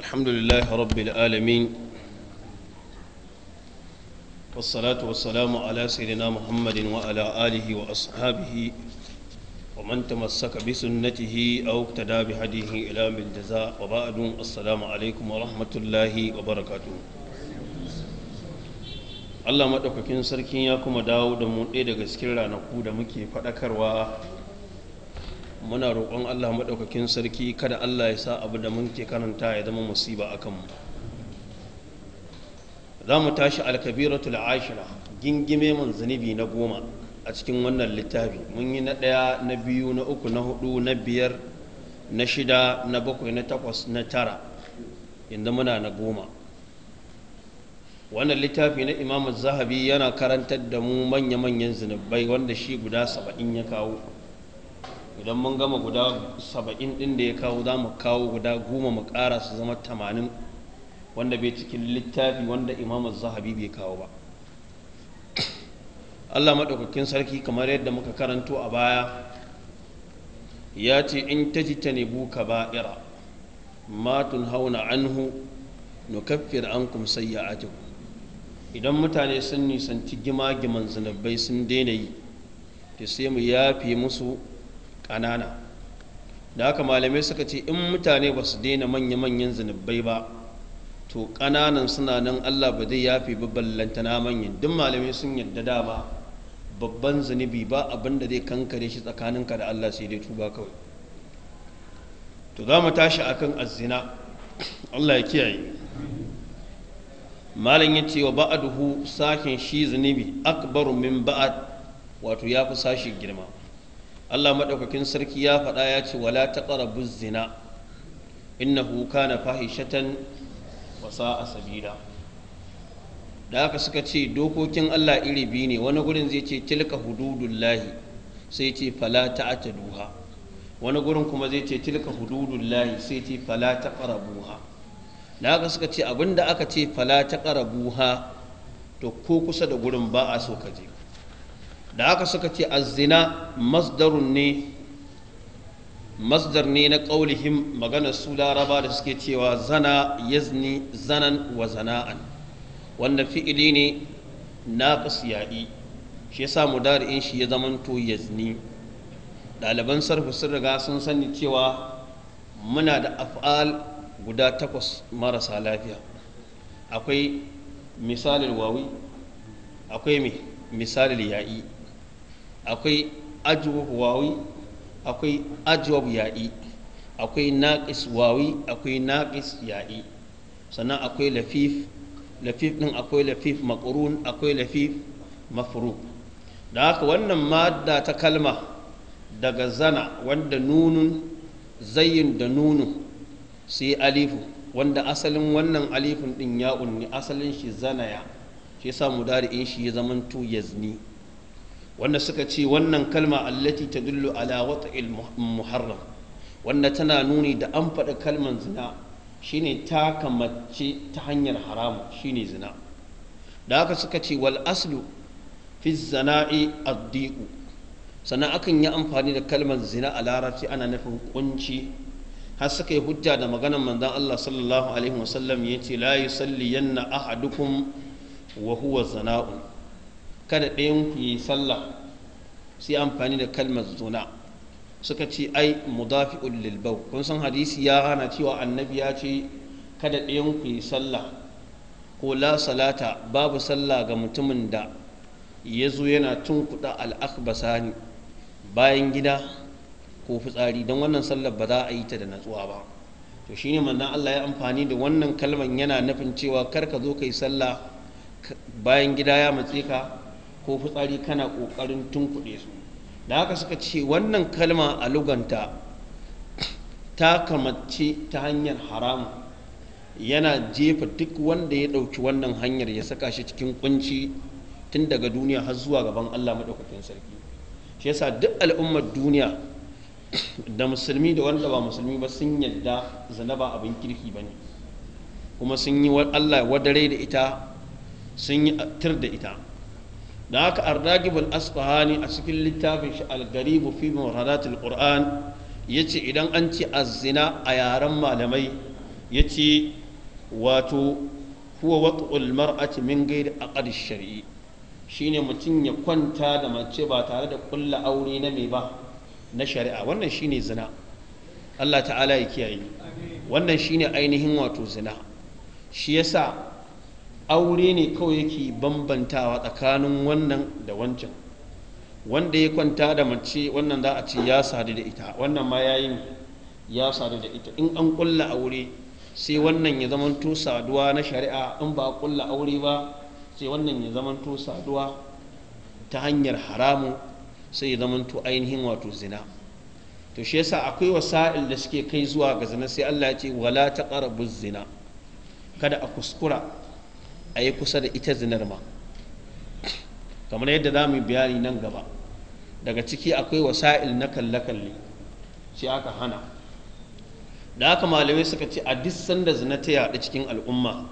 الحمد لله رب العالمين والصلاة والسلام على سيدنا محمد وعلى آله وأصحابه ومن تمسك بسنته أو اقتدى بهديه إلى من جزاء وبعد السلام عليكم ورحمة الله وبركاته Allah maɗaukakin sarkin ya kuma dawo da mu ɗaya daga cikin ranaku da muke faɗakarwa muna roƙon Allah maɗaukakin sarki kada Allah ya sa abu da mun ke karanta ya zama musiba a kanmu za mu tashi alkabiratul ashira gingime man zunubi na goma a cikin wannan littafi mun yi na ɗaya na biyu na uku na hudu na biyar na shida na bakwai na takwas na tara inda muna na goma wannan littafi na imamu zahabi yana karantar da mu manya-manyan zunubai wanda shi guda saba'in ya kawo idan mun gama guda saba'in ɗin da ya kawo za mu kawo guda goma mu ƙara su zama tamanin wanda bai cikin littafi wanda imam zahabi bai kawo ba allah maɗaukakin sarki kamar yadda muka karanto a baya ya ce in ta ji ta nebu ka ba'ira matun hauna anhu nukaffir an kum sayyi'atikum idan mutane sun nisanci gima-giman zunubai sun daina yi to sai mu yafe musu ƙanana da haka malamai suka ce in mutane ba su daina manya-manyan zunubai ba to ƙananan suna nan allah ba zai yafi babban na manyan duk malamai sun yadda dama babban zunubi ba abin da zai kankare shi ka da allah sai dai tuba kawai to za mu tashi akan azina allah ya kiyaye malam ya ce wa ba'aduhu sakin shi zunubi akbaru min ba'ad wato ya fi sashi girma Allah maɗaukakin sarki ya faɗa ya ce wala taqrabu zina innahu kana fahishatan wasa a sabida. da haka suka ce dokokin Allah iri biyu ne wani gurin zai ce tilka hududullahi sai ce fala ta duha. wani gurin kuma zai ce tilka hududullahi sai ce fala ta taqrabuha da haka suka ce abinda aka ce fala ta taqrabuha to ko kusa da gurin ba a so ka je da aka suka ce azzina masdarun ne masdar ne na ƙaulihim maganar su laraba da suke cewa zana yazni zanan wa zana'an wanda fi'ili ne na ya'i shi ya yasa in shi ya zamanto yazni ɗaliban sarfi sun riga sun sani cewa muna da af'al guda takwas marasa lafiya akwai misalin wawi akwai misalin ya'i akwai ajwab wawi akwai ajwab ya'i akwai naqis wawi akwai naqis ya'i sannan akwai lafif lafif din akwai lafif maqrun akwai lafif mafru da haka wannan madda ta kalma daga zana wanda nunun zayyin da nunu sai alifu wanda asalin wannan alifin din ya ne asalin shi zanaya shi yasa mudari'in shi ya zamanto yazni wanda suka ce wannan kalma allati ta ala wata'il muharram wanda tana nuni da an faɗi kalman zina shine ta kamace ta hanyar haramu shine zina da haka suka ce wal aslu fi zana'i addiku sannan akan yi amfani da kalmar zina a larabci ana nufin kunci har suka yi hujja da maganar manzon Allah sallallahu alaihi wasallam yace la yusalliyanna ahadukum wa huwa zana'un kada ɗayan ku yi sallah sai amfani da kalmar zuna suka ce ai mudafi ulilbau kun san hadisi ya hana cewa annabi ya ce kada ɗayan ku yi sallah ko la salata babu sallah ga mutumin da ya zo yana tun kuɗa tunkuɗa ne bayan gida ko fitsari don wannan sallar ba za a yi ta da natsuwa ba to shine manzon Allah ya amfani da wannan kalman yana nufin cewa kar ka zo ka yi sallah bayan gida ya matse ka ko fitsari kana ƙoƙarin tunkuɗe su da haka suka ce wannan kalma a luganta ta kamace ta hanyar haramu yana jefa duk wanda ya ɗauki wannan hanyar ya saka shi cikin kunci tun daga duniya har zuwa gaban Allah maɗaukakin sarki shi yasa duk al'ummar duniya da musulmi da wanda ba musulmi ba sun yadda zana ba abin kirki ba ne kuma sun yi Allah wadare da ita sun yi tir da ita da haka al asfahani a cikin littafin shi algaribu fi muradatul qur'an yace idan an ci azzina a yaren malamai yace wato huwa wat'ul mar'ati min ghairi aqd shari'i shine mutum ya kwanta da mace ba tare da kulla aure na me ba na shari'a wannan shine zina Allah ta'ala ya kiyaye wannan shine ainihin wato zina shi yasa aure ne kawai yake bambantawa tsakanin wannan da wancan wanda ya kwanta da mace wannan za a ce ya sadu da ita wannan ma yayin ya sadu da ita in an kulla aure sai wannan ya to saduwa na shari'a in ba kulla aure ba sai wannan ya to saduwa ta hanyar haramu sai ya to ainihin wato zina to shi yasa akwai wasa'il da suke kai zuwa ga zina sai Allah ya ce wala taqrabuz zina kada a kuskura a yi kusa da ita zinar ma kamar yadda za mu bayani nan gaba daga ciki akwai wasa'il na kalle-kalle shi aka hana da aka malamai suka ce a duk sanda zina ta yaɗu cikin al'umma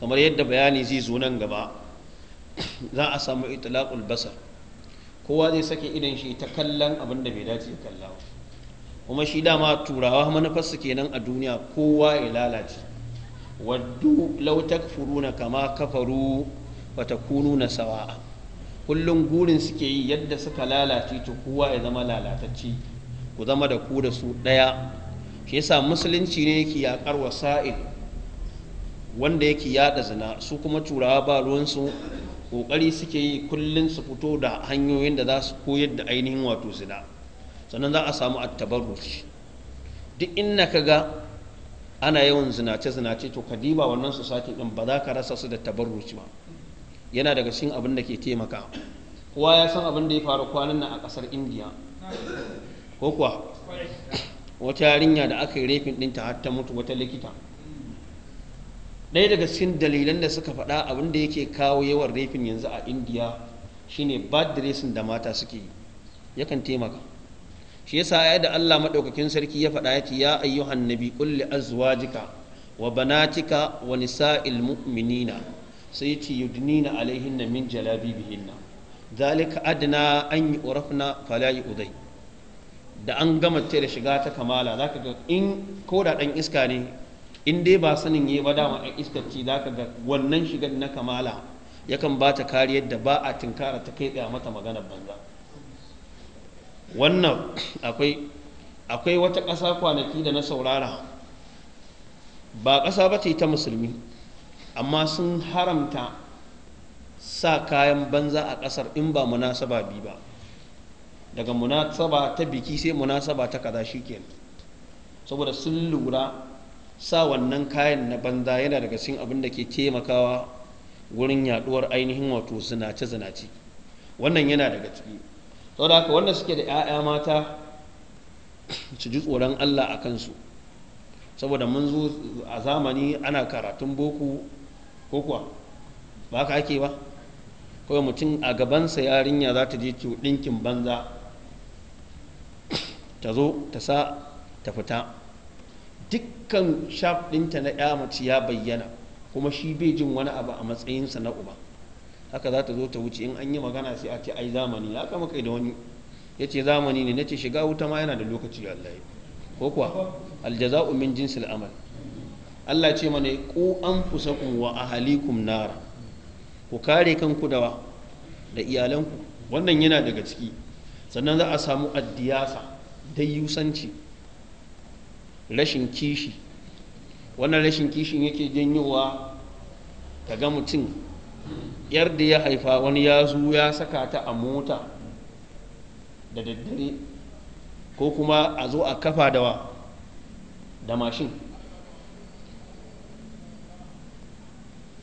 kamar yadda bayani zai zo nan gaba za a samu itlaqul basar kowa zai sake idan shi ta kallon abin da bai dace ya kalla kuma shi dama turawa manufarsu kenan a duniya kowa ya lalace waddu law na kama kafaru wa takununa sawa'a kullum gurin suke yi yadda suka lalace ta kowa ya zama lalatacce ku zama da ku da su ɗaya shi yasa musulunci ne yake yaƙar wasa'il wanda yake yaɗa zina su kuma turawa ba ruwansu ƙoƙari suke yi kullum su fito da hanyoyin da za su koyar da ainihin wato zina sannan za a samu attabarruci duk inna ka ga ana yawan zinace-zinace to kadiba wannan su sati ɗin ba za ka rasa su da tabarruci ba yana daga cikin abin da ke taimaka kowa ya san abin da ya faru kwanan nan a kasar indiya ko kuwa wata yarinya da aka yi rafin ɗin ta ta mutu wata likita ɗaya daga cikin dalilan da suka faɗa abin da yake kawo yawan rafin yanzu a indiya shine bad dressing da mata suke yi yakan taimaka shi yasa ya da Allah madaukakin sarki ya faɗa yace ya ayyuhan nabi qul li azwajika wa banatika wa nisa'il mu'minina sai yace yudnina alaihinna min jalabibihinna zalika adna an yu'rafna fala yu'dai da an gama ce da shiga ta kamala zaka ga in ko da dan iska ne in dai ba sanin yayi ba dama ɗan iskar ci zaka ga wannan shigar na kamala yakan ba ta kariyar da ba a tinkara ta kai tsaya mata maganar banza wannan akwai wata ƙasa kwanaki da na saurara ba ƙasa ba ce ta musulmi amma sun haramta sa kayan banza a ƙasar in ba munasaba bi ba daga munasaba ta biki sai munasaba ta kaza shikenan saboda sun lura sa wannan kayan na banza yana daga cikin abin da ke taimakawa wurin yaduwar ainihin wato zinace-zinace wannan yana daga ciki saboda haka wanda suke da 'ya'ya mata su ji tsoron Allah a kansu saboda mun zo a zamani ana karatun boko ko kuwa ba haka ake ba kawai mutum a gabansa yarinya za ta je ɗinkin banza ta zo ta sa ta fita dukkan shaf ɗinta na ya mace ya bayyana kuma shi bai jin wani abu a matsayinsa na uba haka za ta zo ta wuce in an yi magana sai a ce ai zamani ya kama kai da wani ya ce zamani ne na ce shiga wuta ma yana da lokaci Allah ko kuwa aljaza'u min jinsil amal Allah ce mana ku anfusakum wa ahalikum nar ku kare kanku da da iyalanku wannan yana daga ciki sannan za a samu addiyasa yusanci rashin kishi wannan rashin kishin yake janyowa ka ga mutum yar da ya haifa wani ya zo ya saka ta a mota da daddare ko kuma a zo a kafa dawa da mashin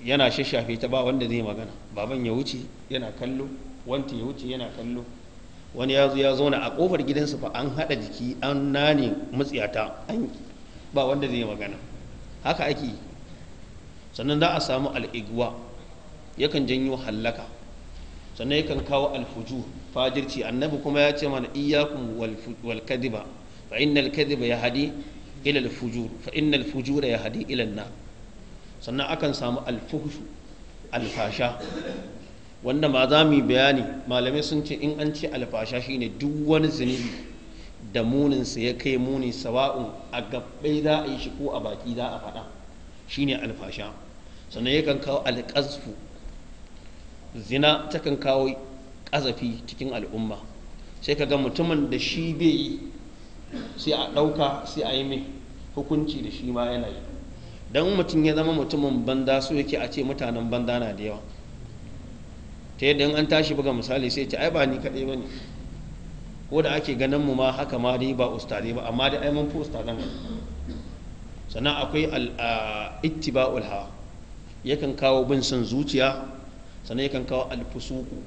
yana shashafe ta ba wanda zai magana baban ya wuce yana kallo wanti ya wuce yana kallo wani ya zo ya zauna a kofar gidansu fa an haɗa jiki an nane mutsiyata an ba wanda zai magana haka ake sannan za a samu al'iguwa yakan janyo hallaka sannan yakan kawo alfuju fajirci annabi kuma ya ce mana iyakun wal kadiba fa innal kadiba yahdi ila al fujur fa innal fujura yahdi ila an sannan akan samu alfuhshu alfasha wanda ma za mu yi bayani malamai sun ce in an ce alfasha shine duk wani zunubi da muninsa ya kai muni sawa'un a gabbai za a yi shi ko a baki za a faɗa shine alfasha sannan yakan kawo alƙazfu zina takan kawo kazafi cikin al'umma sai ka ga mutumin da shi bai yi sai a ɗauka sai a yi mai hukunci da shi ma yana yi don mutum ya zama mutumin banda so yake a ce mutanen banda na da yawa ta yadda an tashi buga misali sai ce ai ba ni kaɗai ba ne ko da ake ganin mu ma haka ma dai ba ustadai ba amma dai ai mun fi ustadan sannan akwai itti ittiba'ul hawa yakan kawo bin son zuciya sannan yakan kawo alfusuku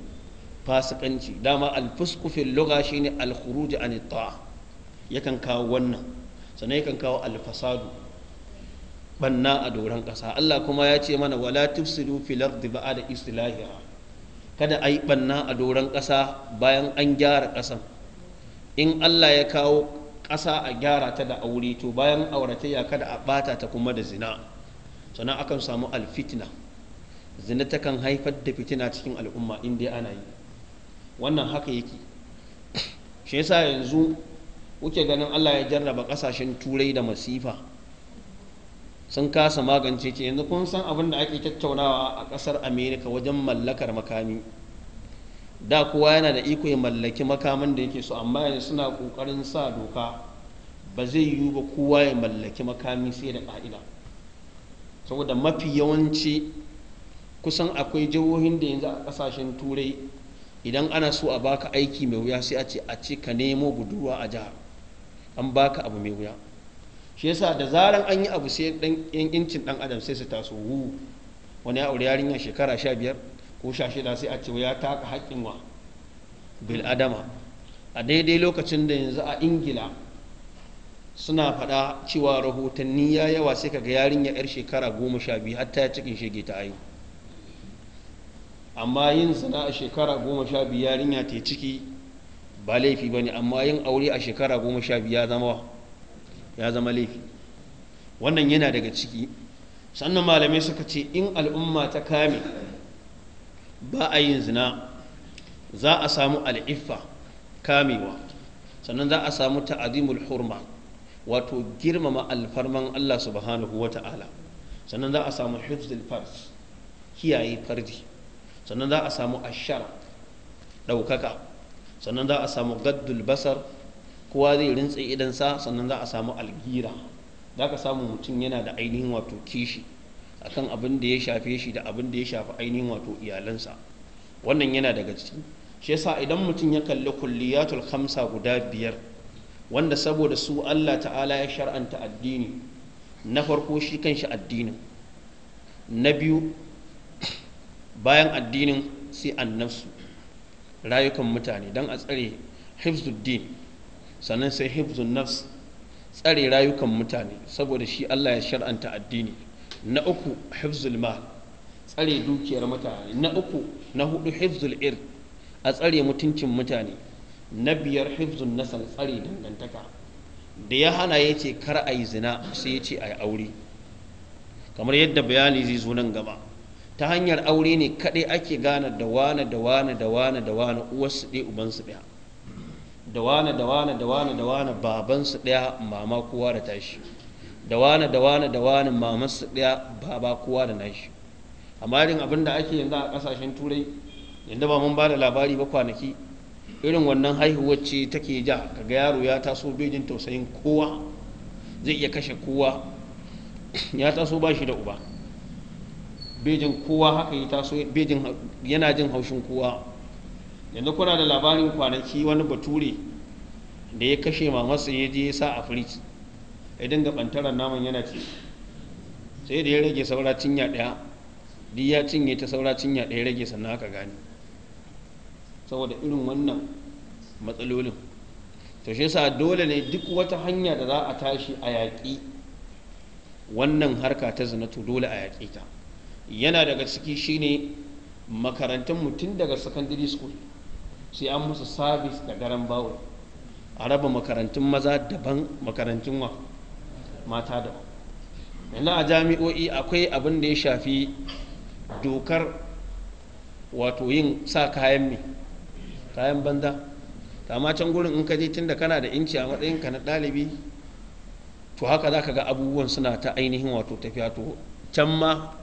fasikanci dama alfusku fil lugha shine al-khuruj an ta'a yakan kawo wannan sannan yakan kawo alfasadu banna a doron ƙasa Allah kuma ya ce mana wala tufsidu fil ardi ba'da islahiha kada ayi banna a doron ƙasa bayan an gyara ƙasan in Allah ya kawo ƙasa a gyara ta da aure to bayan auratayya kada a bata ta kuma da zina sannan akan samu alfitna zina takan haifar da fitina cikin al'umma inda ana yi wannan haka yake shi yasa yanzu kuke ganin Allah ya jarraba kasashen turai da masifa sun kasa magance ce yanzu kun san abin da ake tattaunawa a kasar Amerika wajen mallakar makami da kowa yana da iko ya mallaki makamin da yake so amma yanzu suna kokarin sa doka ba zai yiwu ba kowa ya mallaki makami sai da ka'ida saboda mafi yawanci kusan akwai jihohin da yanzu a kasashen turai idan ana so a baka aiki mai wuya sai a ce a ce ka nemo budurwa a jihar an baka abu mai wuya shi yasa da zaran an yi abu sai dan incin dan adam sai su taso wu wani ya aure yarinya shekara sha biyar ko sha shida sai a ce ya taka haƙƙin wa bil adama a daidai lokacin da yanzu a ingila suna faɗa cewa rahotanni ya yawa sai kaga yarinya yar shekara goma sha biyu hatta ya cikin shege ta ayu amma yin zina a shekara goma sha biyu yarinya ta ciki ba laifi ba ne amma yin aure a shekara goma sha biyu ya zama laifi wannan yana daga ciki sannan malamai suka ce in al'umma ta kame ba a yin zina za a samu al'iffa kamewa sannan za a samu ta'azimul hurma wato girmama alfarman Allah subhanahu wa ta'ala sannan za a samu hifzul fars kiyaye farji sannan za a samu ashar ɗaukaka sannan za a samu gaddul basar kowa zai rintse idansa sannan za a samu algira za ka samu mutum yana da ainihin wato kishi akan abin da ya shafe shi da abin da ya shafi ainihin wato iyalansa wannan yana daga ciki shi yasa idan mutum ya kalli kulliyatul khamsa guda biyar wanda saboda su Allah ta'ala ya shar'anta addini na farko shi kanshi addinin na biyu bayan addinin sai annafsu rayukan mutane don a tsare hifzuddin sannan sai hifzun nafs tsare rayukan mutane saboda shi Allah ya shar'anta addini na uku hifzul ma tsare dukiyar mutane na uku na hudu hifzul ir a tsare mutuncin mutane na biyar hifzun nasal tsare dangantaka da ya hana ya ce kar a yi zina sai ya ce a yi aure kamar yadda bayani zai zo nan gaba ta hanyar aure ne kaɗai ake gane da wane da wane da wane da wane uwarsu ɗaya ubansu ɗaya da wane da wane da wane da wane babansu ɗaya mama kowa da tashi da wane da wane da wane mamansu ɗaya baba kowa da nashi amma irin abin da ake yanzu a ƙasashen turai yadda ba mun ba da labari ba kwanaki irin wannan haihuwar ce take ja kaga yaro ya taso bejin tausayin kowa zai iya kashe kowa ya taso ba shi da uba bejin kowa haka yi taso bejin yana jin haushin kowa yanzu kuna da labarin kwanaki wani bature da ya kashe mamarsa ya je ya sa a firij idan ga bantaran naman yana ce sai da ya rage saura cinya daya duk ya cinye ta saura cinya daya rage sannan aka gane saboda irin wannan matsalolin to shi yasa dole ne duk wata hanya da za a tashi a yaƙi wannan harka ta zina dole a yaƙi ta yana daga ciki shine makarantun mutum daga secondary school sai an musu sabis da garan bawo a raba makarantun maza daban makarantun wa mata daban yana a jami'o'i akwai abin da ya shafi dokar wato yin sa kayan mai kayan banza amma can gurin in ka je tunda kana da inci a matsayin ka na ɗalibi to haka za ka ga abubuwan suna ta ainihin wato tafiya to can ma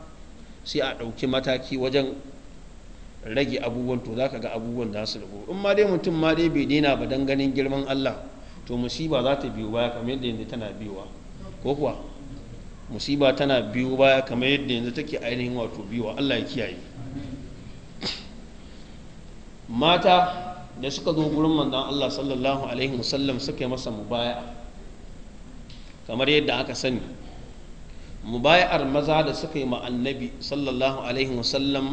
sai a ɗauki mataki wajen rage abubuwan to za ka ga abubuwan da su rabu in ma dai mutum ma dai bai daina ba don ganin girman Allah to musiba za ta biyo baya kamar yadda yanzu tana biyowa ko kuwa musiba tana biyo baya kamar yadda yanzu take ainihin wato biyowa Allah ya kiyaye mata da suka zo gurin manzon Allah sallallahu alaihi wasallam suka yi masa mubaya kamar yadda aka sani mubaya'ar maza da suka yi annabi sallallahu alaihi wasallam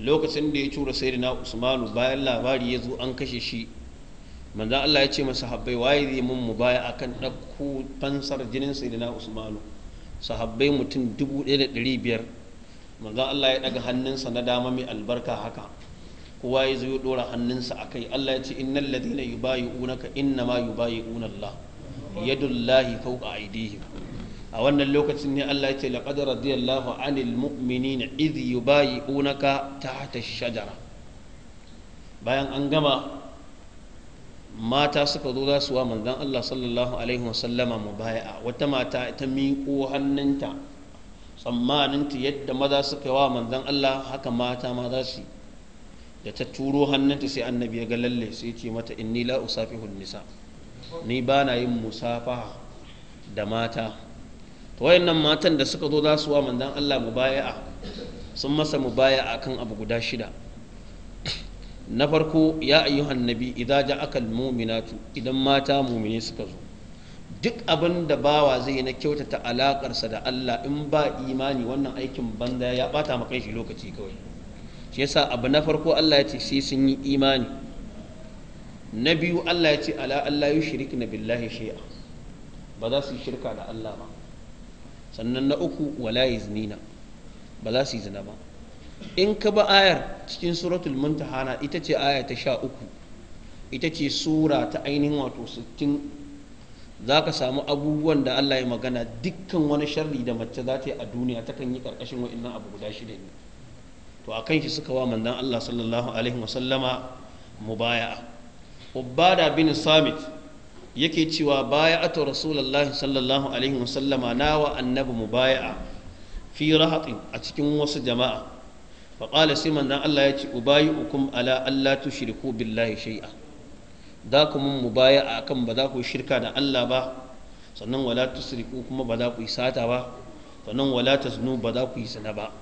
lokacin da ya tura na usmanu bayan labari ya zo an kashe shi manzan Allah ya ce masa habbai waye zai mun baya akan ɗauko fansar jinin na usmanu sahabbai mutum dubu ɗaya da ɗari biyar manzan Allah ya ɗaga hannunsa na dama mai albarka haka kowa ya zo ya ɗora hannunsa a kai Allah ya ce innal ladina yubayi'unaka innama yubayi'una yadullahi fawqa aydihim a wannan lokacin ne Allah ya ce laqad radiyallahu anil mu'minina idh yubayi'unaka tahta ash-shajara bayan an gama mata suka zo za su wa manzon Allah sallallahu alaihi wasallama mubaya'a wata mata ta miƙo hannunta tsammaninta yadda maza suka wa manzon Allah haka mata ma za su da ta turo hannunta sai annabi ya ga lalle sai ce mata inni la usafihu nisa ni ba na yin musafaha da mata to wayannan matan da suka zo za su wa manzan Allah mubaya'a sun masa mubaya'a kan abu guda shida na farko ya ayyuhan nabi idza ja'aka idan mata mu'mine suka zo duk abin da bawa zai na kyautata alakarsa da Allah in ba imani wannan aikin banza ya bata maka shi lokaci kawai shi yasa abu na farko Allah ya ce sai sun yi imani na biyu Allah ya ce ala Allah yushrikna billahi shay'a ba za su yi shirka da Allah ba sannan na uku wala yaznina ba za su yi zina ba in ka ba ayar cikin suratul muntahana ita ce aya ta sha uku ita ce sura ta ainihin wato sittin za ka samu abubuwan da Allah ya magana dukkan wani sharri da mace za ta yi a duniya takan yi ƙarƙashin wa'annan abu guda shida ne to a kan shi suka wa manzan Allah sallallahu alaihi wasallama mubaya'a ubada bin samit yake cewa baya ato rasulullahi sallallahu alaihi wasallama nawa annabi mubaya'a fi rahatin a cikin wasu jama'a fa qala sai manzon Allah ya ce ubayukum ala alla tushriku billahi shay'a da ku mu mubaya'a akan ba za ku shirka da Allah ba sannan wala tusriku kuma ba za ku yi sata ba sannan wala taznu ba za ku yi zina ba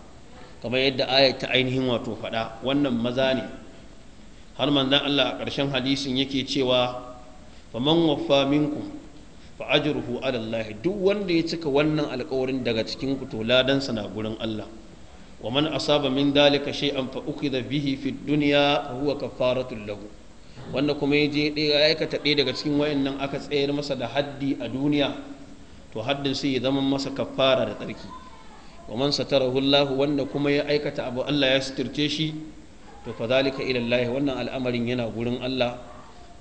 kamar yadda ayat ta ainihin wato faɗa wannan maza ne har manzon Allah a ƙarshen hadisin yake cewa faman waffa minkum fa ajruhu ala Allah duk wanda ya cika wannan alƙawarin daga cikin ku to ladan sa na gurin Allah wa man asaba min dalika shay'an fa ukhidha bihi fid dunya huwa kafaratul lahu wanda kuma ya je ɗaya aikata ɗaya daga cikin wayannan aka tsayar masa da haddi a duniya to haddin sai ya zama masa kafara da tsarki wa man satarahu Allah wanda kuma ya aikata abu Allah ya suturce shi to fa zalika ila Allah wannan al'amarin yana gurin Allah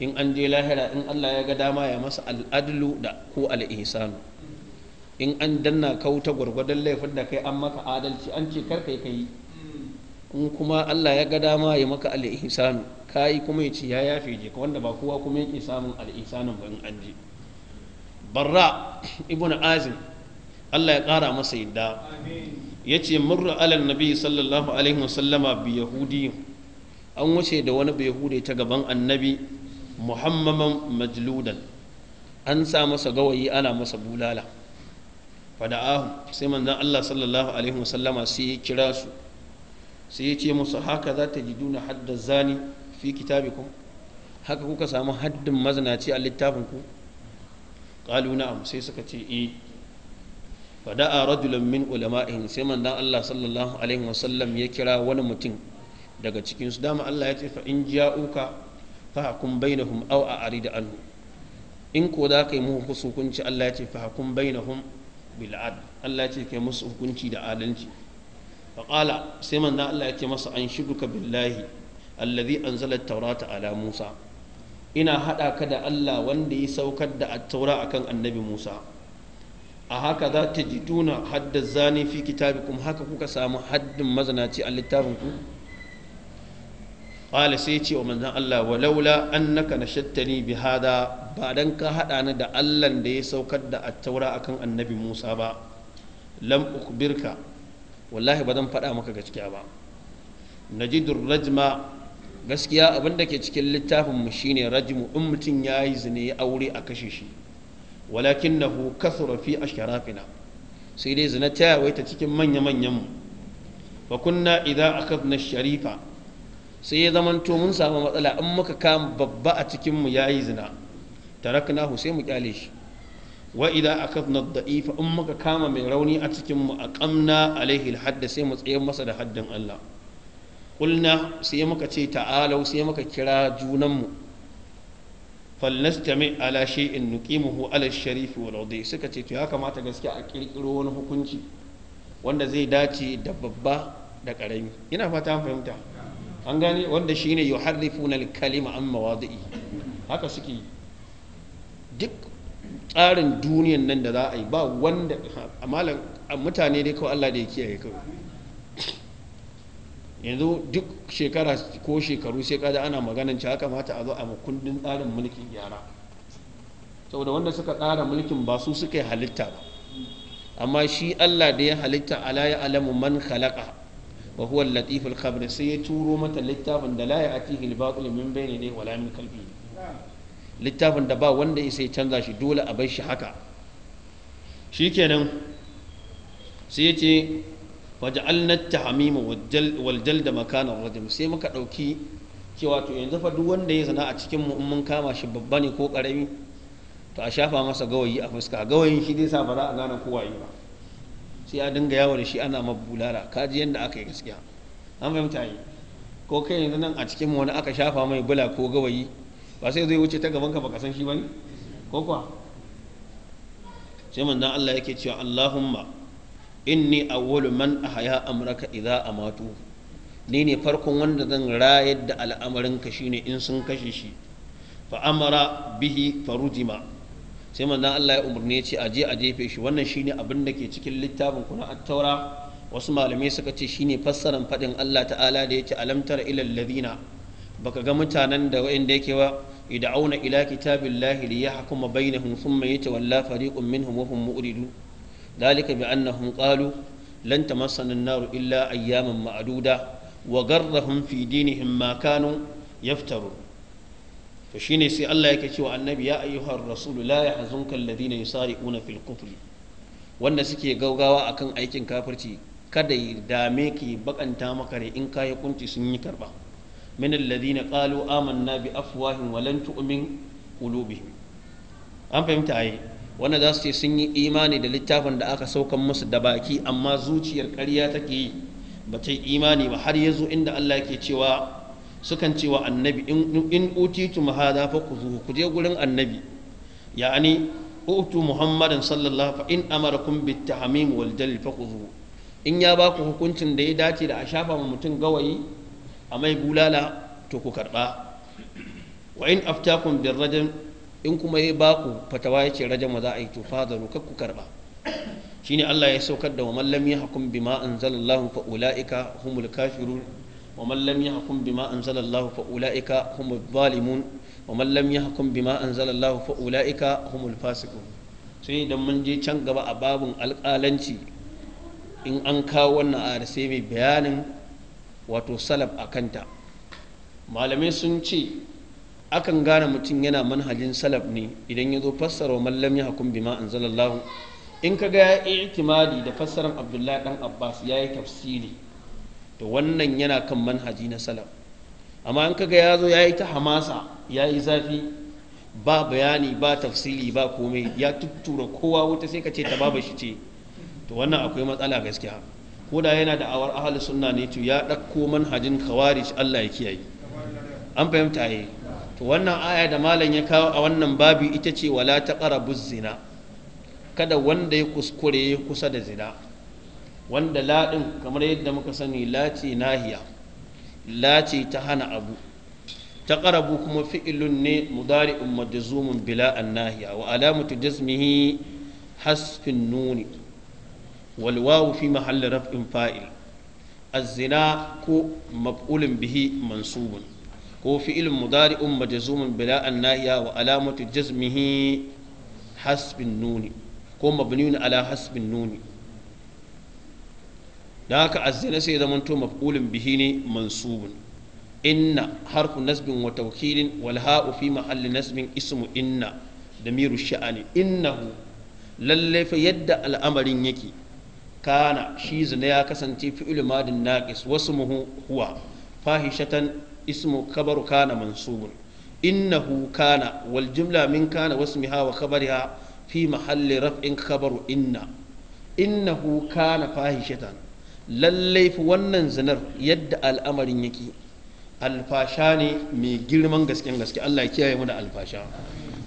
in an je lahira in Allah ya ga dama ya masa al'adlu da ko al'isanu in an danna kauta gwargwadon laifin da kai an maka adalci an ce kar kai kai in kuma Allah ya ga dama ya maka al'isanu kai kuma ya ce ya yafe je wanda ba kowa kuma yake samun al'isanin ba in an je barra ibn azim Allah ya kara masa yadda ya ce murra alal nabi sallallahu alaihi wasallama bi yahudi an wuce da wani bai ta gaban annabi muhammaman majludan an sa masa gawayi ana masa bulala Fada ahu sai manzon Allah sallallahu alaihi wasallama sai ya kira su sai ya ce musu haka za ta jiduna hadda zani fi kitabikum haka kuka samu haddin mazinaci a littafin ku qalu na'am sai suka ce e. Eh. Fada a rajulan min ulama'ihim sai manzon Allah sallallahu alaihi wasallam ya kira wani mutum daga cikinsu. dama Allah ya ce fa in ja'uka fahkum bainahum aw a'rid anhu in ko za ka yi muku hukunci Allah ya ce fahkum bainahum bil adl Allah ya ce kai musu hukunci da adalci fa qala sai manzo Allah ya ce masa an shiduka billahi alladhi anzala at-taurata ala Musa ina hada ka da Allah wanda ya saukar da at-taura akan annabi Musa a haka za ta jiduna haddar zane fi kitabikum haka kuka samu haddin mazanaci a littafinku qala sai ce wa manzon Allah walaula annaka nashattani bi hada ba dan ka haɗa ni da Allah da ya saukar da attaura akan annabi Musa ba lam ukbirka wallahi ba zan faɗa maka gaskiya ba najidur rajma gaskiya abin da ke cikin littafin mu shine rajimu in mutum yayi zina ya aure a kashe shi walakinahu kathura a sharafina. sai dai zina ta yawaita cikin manya manyan mu fa kunna idza akhadna sharifa sai ya zama to mun samu matsala in muka kama babba a cikin mu yayi zina taraknahu sai mu kyale shi wa idan akafna da'ifa in muka kama mai rauni a cikin mu aqamna alaihi hadda sai mu tsaye masa da haddin Allah kulna sai muka ce ta'alau sai muka kira junan mu falnastami ala shay'in nuqimuhu ala sharifi wal wadi suka ce to ya kamata gaskiya a kirkiro wani hukunci wanda zai dace da babba da karami ina fata an fahimta an gane wanda shine yuharrifuna al-kalima an mawadi'i haka suke duk tsarin duniyan nan da za a yi ba wanda amalan mutane dai kawai Allah da ya kiyaye kawai yanzu duk shekara ko shekaru sai kada ana maganin ci haka mata a zo a kundin tsarin mulkin gyara saboda wanda suka tsara mulkin ba su suka yi halitta ba amma shi Allah da ya halitta ala ya alamu man khalaqa wa huwa al-latif al sai ya turo mata littafin da la a al-batil min bayni ne wala min kalbi littafin da ba wanda ya canza shi dole a bai shi haka shikenan sai ya ce waja'alna at hamima waljal da makana rajm sai muka ɗauki cewa to yanzu fa duk wanda ya zana a cikin mu mun kama shi babba ne ko ƙarami to a shafa masa gawayi a fuska gawayin shi zai sa ba za a gane kowa yi ba sai a dinga yawo da shi ana mabulara kaji yadda aka yi gaskiya an fahimta yi ko kai yanzu nan a cikin wani aka shafa mai bula ko gawayi ba sai zai wuce ta gaban ka baka san shi bane ko kuwa sai manzon Allah yake cewa Allahumma inni awwalu man ahya amraka idza amatu ni ne farkon wanda zan rayar da al'amarin ka shine in sun kashe shi fa'amara amara bihi farujima sai manzon Allah ya umarni ya ce a je a jefe shi wannan shine abin da ke cikin littafin kuna taura wasu malamai suka ce shine fassaran faɗin Allah ta'ala da ya yake alamtar ila alladhina baka ga mutanen da wanda yake ba ida auna ila kitabillahi li yahkuma bainahum thumma yatawalla fariqun minhum wa hum mu'ridun dalika bi annahum qalu lan tamassana an-nar illa ayyaman ma'duda wa garrahum fi dinihim ma kanu yaftarun to shine sai Allah yake cewa annabi ya ayyuhar rasul la yahzunka alladhina yusari'una fil kufri wanda suke gaugawa akan aikin kafirci kada ya dame ki bakanta maka ne in kayi kunci sun yi karba min alladhina qalu amanna bi afwahin wa lan an fahimta ai wanda zasu ce sun yi imani da littafin da aka sauka musu da baki amma zuciyar ƙarya take yi ba ta imani ba har ya inda Allah yake cewa sukan wa annabi in utitu mahada fa ku zuhu ku je gurin annabi ya'ani utu muhammadan sallallahu fa in amarakum bit tahmim wal jall fa ku zuhu in ya ba ku hukuncin da ya dace da a shafa ma mutum gawayi a mai bulala to ku karba wa in aftakum bir rajam in kuma ya ba ku fatawa ya ce rajam za a yi to fadaru kar ku karba shine Allah ya saukar da wa man lam yahkum bima anzalallahu fa ulaika humul kafirun ومن لم يحكم بما أنزل الله فأولئك هم الظالمون ومن لم يحكم بما أنزل الله فأولئك هم الفاسقون sai idan mun je can gaba a babin alƙalanci in an kawo wannan ayar mai bayanin wato salaf a kanta malamai sun ce akan gane mutum yana manhajin salaf ne idan ya zo fassara wa mallam ya hakun bima zalallahu in ka ga ya i'timadi da fassaran abdullahi dan abbas ya yi tafsiri to wannan yana kan manhaji na salaf amma in kaga ya zo ya yi ta hamasa yayi zafi ba bayani ba tafsiri ba komai ya tuttura kowa wuta sai ka ce ta babu shi ce to wannan akwai matsala gaskiya ko da yana da awar ahli sunna ne to ya dauko manhajin khawarij Allah ya kiyaye an fahimta yi eh to wannan aya da malam ya kawo a wannan babu ita ce wala taqrabuz zina kada wanda ya kuskure kusa da zina wanda laɗin kamar yadda muka sani lace nahiya lace ta hana abu ta ƙarabu kuma fi'ilun ne mudari'un majazumun bila an nahiya wa alamatu jazmihi hasfin nuni walwawu fi mahalli raf'in fa'il الزنا كو مفعول به منصوب كو فعل مضارع مجزوم بلا الناهية وعلامة hasbin nuni? النون كو مبني ala حسب nuni? da haka azzina sai zama to maf'ulun bihi ne mansubun inna harfu nasbin wa tawkilin wal ha'u fi mahalli nasbin ismu inna miru sha'ani innahu lalle fa yadda al'amarin yake kana shi zina ya kasance fi'il madin naqis wasu muhu huwa fahishatan ismu kabaru kana mansubun innahu kana wal jumla min kana wasmiha wa khabariha fi mahalli raf'in kabaru inna innahu kana fahishatan lallai fi wannan zinar yadda al'amarin yake alfasha ne mai girman gasken gaske Allah ya kiyaye mu da alfasha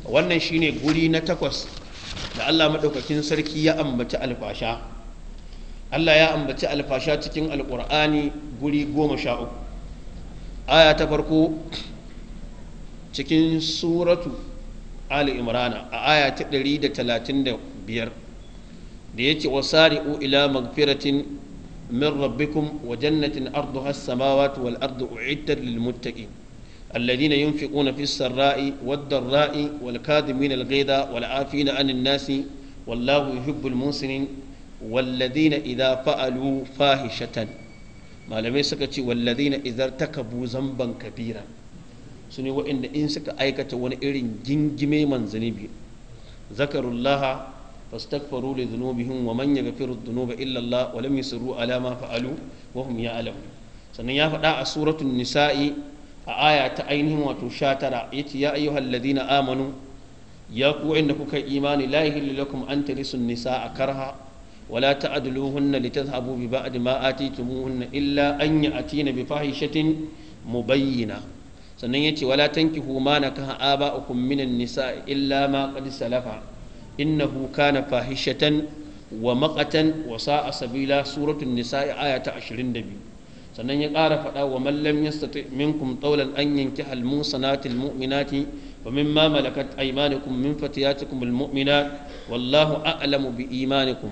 wannan shine guri na takwas da Allah madaukakin sarki ya ambaci alfasha Allah ya ambaci alfasha cikin alqur'ani guri goma sha uku aya ta farko cikin suratu ali imrana a aya ta 135 da yake wasari'u ila magfiratin من ربكم وجنة أرضها السماوات والأرض أعدت للمتقين الذين ينفقون في السراء والضراء والكاذبين الغيظ والعافين عن الناس والله يحب المحسنين والذين إذا فعلوا فاحشة ما لم يسكتي والذين إذا ارتكبوا ذنبا كبيرا سني وإن إن سك أيكة وإن إرين جنجمي من ذنبي ذكروا الله فاستغفروا لذنوبهم ومن يغفر الذنوب الا الله ولم يصروا على ما فعلوا وهم يعلمون sannan ya faɗa a suratun nisa'i a aya ta ainihin wato 19 yace ya ayyuhal ladina amanu ya ku inda kuka imani la yahillu lakum an nisa nisa'a karha wala ta'adluhunna litadhhabu bi ba'di ma atitumuhunna illa an ya'tina bi fahishatin mubayyina sannan yace wala tanki tankihu ma nakaha aba'ukum minan nisa'i illa ma qad salafa إنه كان فاحشة ومقتا وساء سبيلا سورة النساء آية 20 نبي سنن يقار فدا ومن لم يستطع منكم طولا أن ينكح الموصنات المؤمنات ومما ملكت أيمانكم من فتياتكم المؤمنات والله أعلم بإيمانكم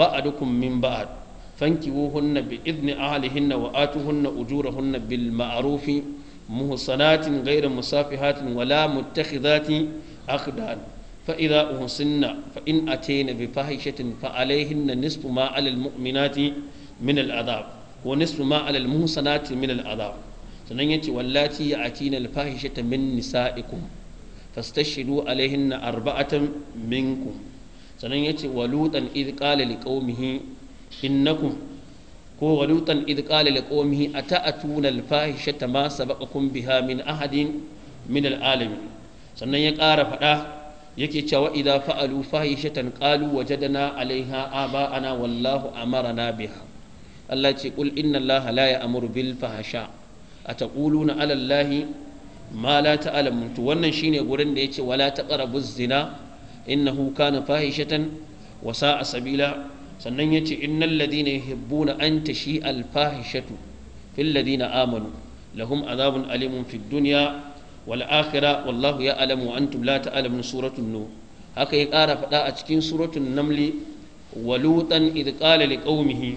بعدكم من بعد فانكوهن بإذن أهلهن وآتوهن أجورهن بالمعروف محصنات غير مسافحات ولا متخذات أخدان فإذا أحسن فإن أتينا بفاحشة فعليهن نصف ما على المؤمنات من العذاب ونصف ما على المحسنات من العذاب sannan ya ce wallaci ya atina alfahishata min nisa'ikum fastashidu na arba'atan minkum sannan ya ce walutan idh qala liqaumihi innakum ko walutan idh qala liqaumihi ata'atuna alfahishata ma sabaqakum biha min ahadin min alalamin sannan ya ƙara faɗa yake cewa idza fa'alu fahishatan qalu wajadna 'alaiha aba'ana wallahu amarna biha Allah ce kul inna Allah la ya'muru bil fahsha ataquluna 'ala Allah ma la ta'lamun to wannan shine gurin da yace wala taqrabuz zina innahu kana fahishatan wa sa'a sabila sannan yace innal ladina yuhibbuna an tashi al fahishatu fil ladina amanu lahum adhabun alimun fid dunya wal akhira wallahu ya alamu wa antum la ta'lamun suratul nur haka ya ƙara faɗa a cikin suratul namli wa lutan id qala liqaumihi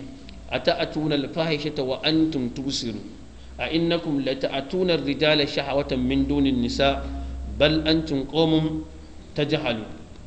ata'atuna al fahishata wa antum tubsirun a innakum la ta'atuna ar-rijala shahawatan min dunin nisa bal ta jahalu. tajhalun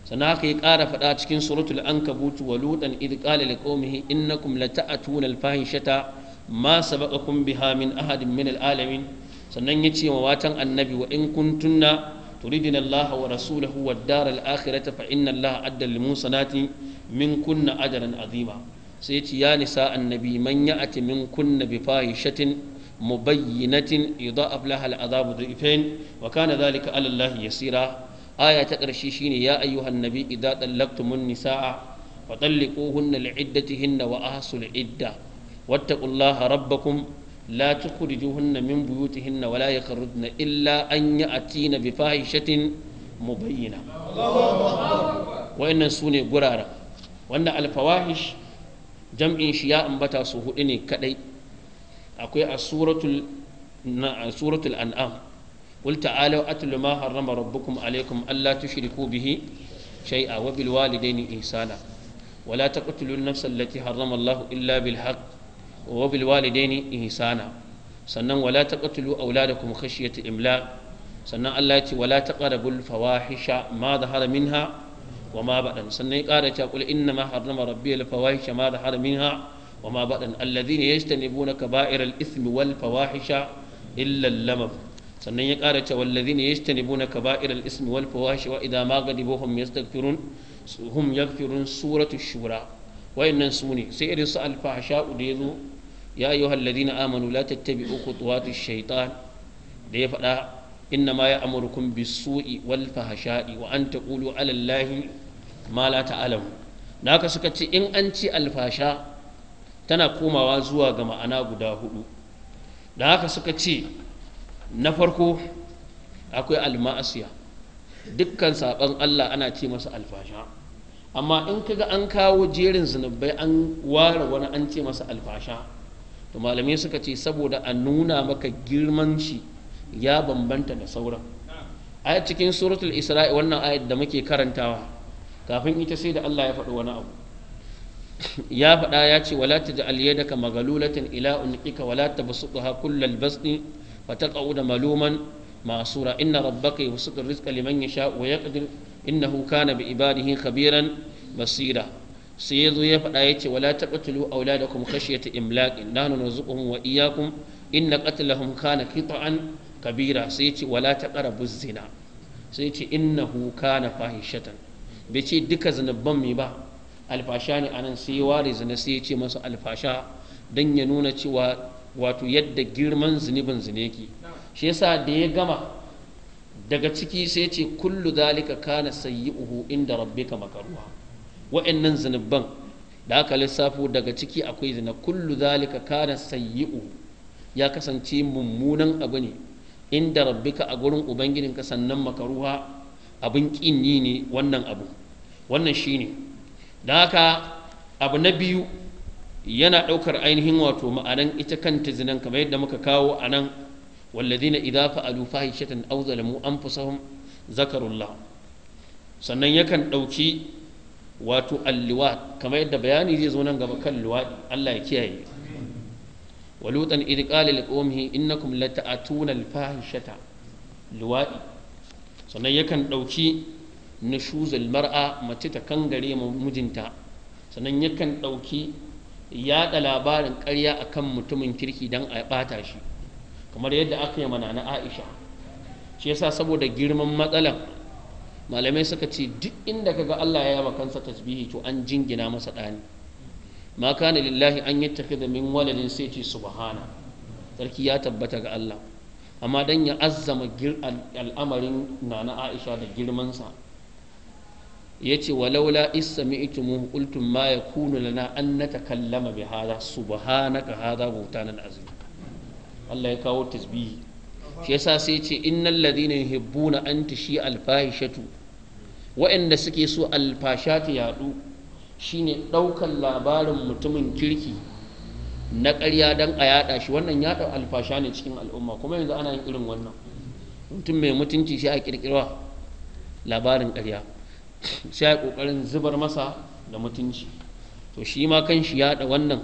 sannan haka ya ƙara faɗa cikin suratul ankabut wa lutan id qala liqaumihi innakum la ta'atuna al fahishata ma sabaqakum biha min ahadin min alamin sannan ya ce wa matan annabi wa in kuntunna turidin Allah wa rasulahu wa daral akhirata fa inna Allah adda lil musanati min kunna ajran azima sai ya ce ya nisa annabi man ya'ati min kunna bi fahishatin mubayyinatin yudha'af laha al azabu dhifain wa kana dhalika ala Allah yasira aya ta ƙarshe shine ya ayyuhan nabi idza dallaqtumun nisaa فطلقوهن لعدتهن وأحصوا العدة واتقوا الله ربكم la tukhrijuhunna min buyutihinna wala yakhrujna illa an ya'tina bi fahishatin mubayyina wayannan sune gurara wanda alfawahish jam'in shi ya ambata su hudu ne kadai akwai a an'am قل تعالوا أتل ما حرم ربكم عليكم ألا تشركوا به شيئا وبالوالدين إحسانا ولا تقتلوا النفس التي حرم الله إلا بالحق وبالوالدين إحسانا سنن ولا تقتلوا أولادكم خشية إملاء سنن الله يتي ولا تقربوا الفواحش ما ظهر منها وما بدن سنن قال يقول إنما حرم ربي الفواحش ما ظهر منها وما بدن الذين يجتنبون كبائر الإثم والفواحش إلا اللمف سنن قال والذين يجتنبون كبائر الإثم والفواحش وإذا ما غضبوهم يستغفرون هم يغفرون سورة الشورى وإن سوني سيرس الفحشاء ديذو ya ayyuhal ladina amanu la tattabi'u khutuwatish shaitan da ya faɗa inna ma ya'murukum bis-su'i wal fahsha'i wa an taqulu 'ala allahi ma la ta'lamu naka suka ce in an ci alfasha tana komawa zuwa ga ma'ana guda hudu da haka suka ce na farko akwai alma'asiya dukkan saban Allah ana ce masa alfasha amma in kaga an kawo jerin zunubai an ware wani an ce masa alfasha to malamai suka ce saboda a nuna maka girman shi ya bambanta da sauran a cikin suratul isra'i wannan ayat da muke karantawa kafin ita sai da Allah ya faɗi wani abu ya faɗa ya ce wala taj'al yadaka magalulatan ila unqika wala tabsutha kullal basti fataqauda maluman ma'sura inna rabbaka yabsutur rizqa liman yasha wa yaqdir innahu kana bi ibadihi khabiran basira sai ya zo ya faɗa ya ce wala taqtulu auladakum khashyata imlaqin nahnu narzuquhum wa iyyakum inna qatlahum kana qita'an kabira sai ya ce wala taqrabu zina sai ya ce innahu kana fahishatan bai ce duka zanabban mai ba alfasha ne anan sai ya ware zina sai ya ce masa alfasha dan ya nuna cewa wato yadda girman zunubin zine ki shi yasa da ya gama daga ciki sai ce kullu zalika kana uhu inda rabbika ruwa. wa'annan zunuban da aka lissafo daga ciki akwai zina kullu zalika kana sayyi'u ya kasance mummunan abu ne inda rabbika a gurin ka sannan makaruha abin kin ne wannan abu wannan shine da haka abu na biyu yana ɗaukar ainihin wato ma'anan ita kanta zinan kamar yadda muka kawo a nan والذين إذا فعلوا فاحشة an ظلموا أنفسهم ذكروا sannan yakan ɗauki wato alluwa kamar yadda bayani zai zo nan gaba kan luwaɗi Allah ya kiyaye walutan idh qala liqawmihi innakum lata'atuna al-fahishata luwaɗi sannan yakan ɗauki nushuzul mar'a mace ta kangare ma mijinta sannan yakan ɗauki yaɗa labarin ƙarya akan mutumin kirki don a ɓata shi kamar yadda aka yi mana na Aisha shi yasa saboda girman matsalan malamai suka ce duk inda kaga Allah ya yaba kansa tasbihi to an jingina masa dani ma kana lillahi an da min waladin sai ce subhana sarki ya tabbata ga Allah amma dan ya azzama al'amarin nana Aisha da girmansa ya ce walaula istami'tumu qultum ma yakunu lana an natakallama bi ka hada hadha buhtanan azumi Allah ya kawo tasbihi shi yasa sai ce innal ladina yuhibbuna anti shi al-fahishatu wa'anda suke so alfasha ta yaɗu shine ɗaukan labarin mutumin kirki na ƙarya don a yaɗa shi wannan yaɗa alfasha ne cikin al'umma kuma yanzu ana yin irin wannan mutum mai mutunci shi a ƙirƙirwa labarin ƙarya shi a ƙoƙarin zubar masa da mutunci to shi ma kan shi yaɗa wannan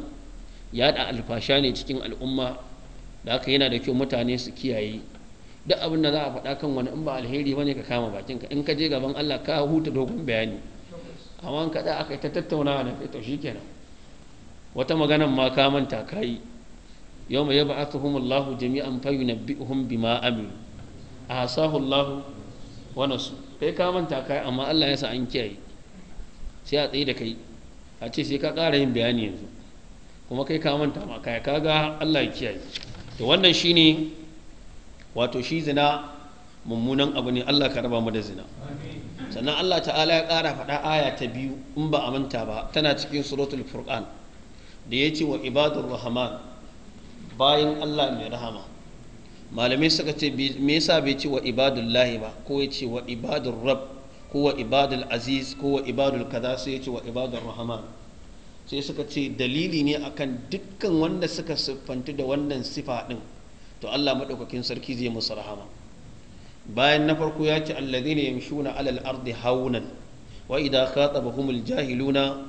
yaɗa alfasha ne cikin al'umma da haka yana da kyau mutane su kiyaye duk abin da za a faɗa kan wani in ba alheri ne ka kama bakinka in ka je gaban Allah ka huta dogon bayani amma in kaɗa aka yi ta tattaunawa na kai to shikenan wata maganan ma ka manta jami'an kai ka manta amma Allah ya sa an kiyaye sai a tsaye da kai a ce sai ka ƙara yin bayani yanzu kuma kai ka manta ma kai kaga Allah ya kiyaye to wannan shine wato shi zina mummunan abu ne Allah ka raba mu da zina sannan Allah ta'ala ya ƙara faɗa aya ta biyu in ba a manta ba tana cikin suratul furqan da ya ce wa ibadur rahman bayan Allah mai rahama malamai suka ce me yasa bai ce wa ibadullahi ba ko ya ce wa ibadur rabb ko wa ibadul aziz ko wa ibadul kaza sai ya ce wa ibadur rahman sai suka ce dalili ne akan dukkan wanda suka siffantu da wannan sifa din to allah maɗaukakin sarki zai musu rahama bayan na farko ya ce allazi ne yamshuna alal ardi haunan wa idan ka tsaba humul jahiluna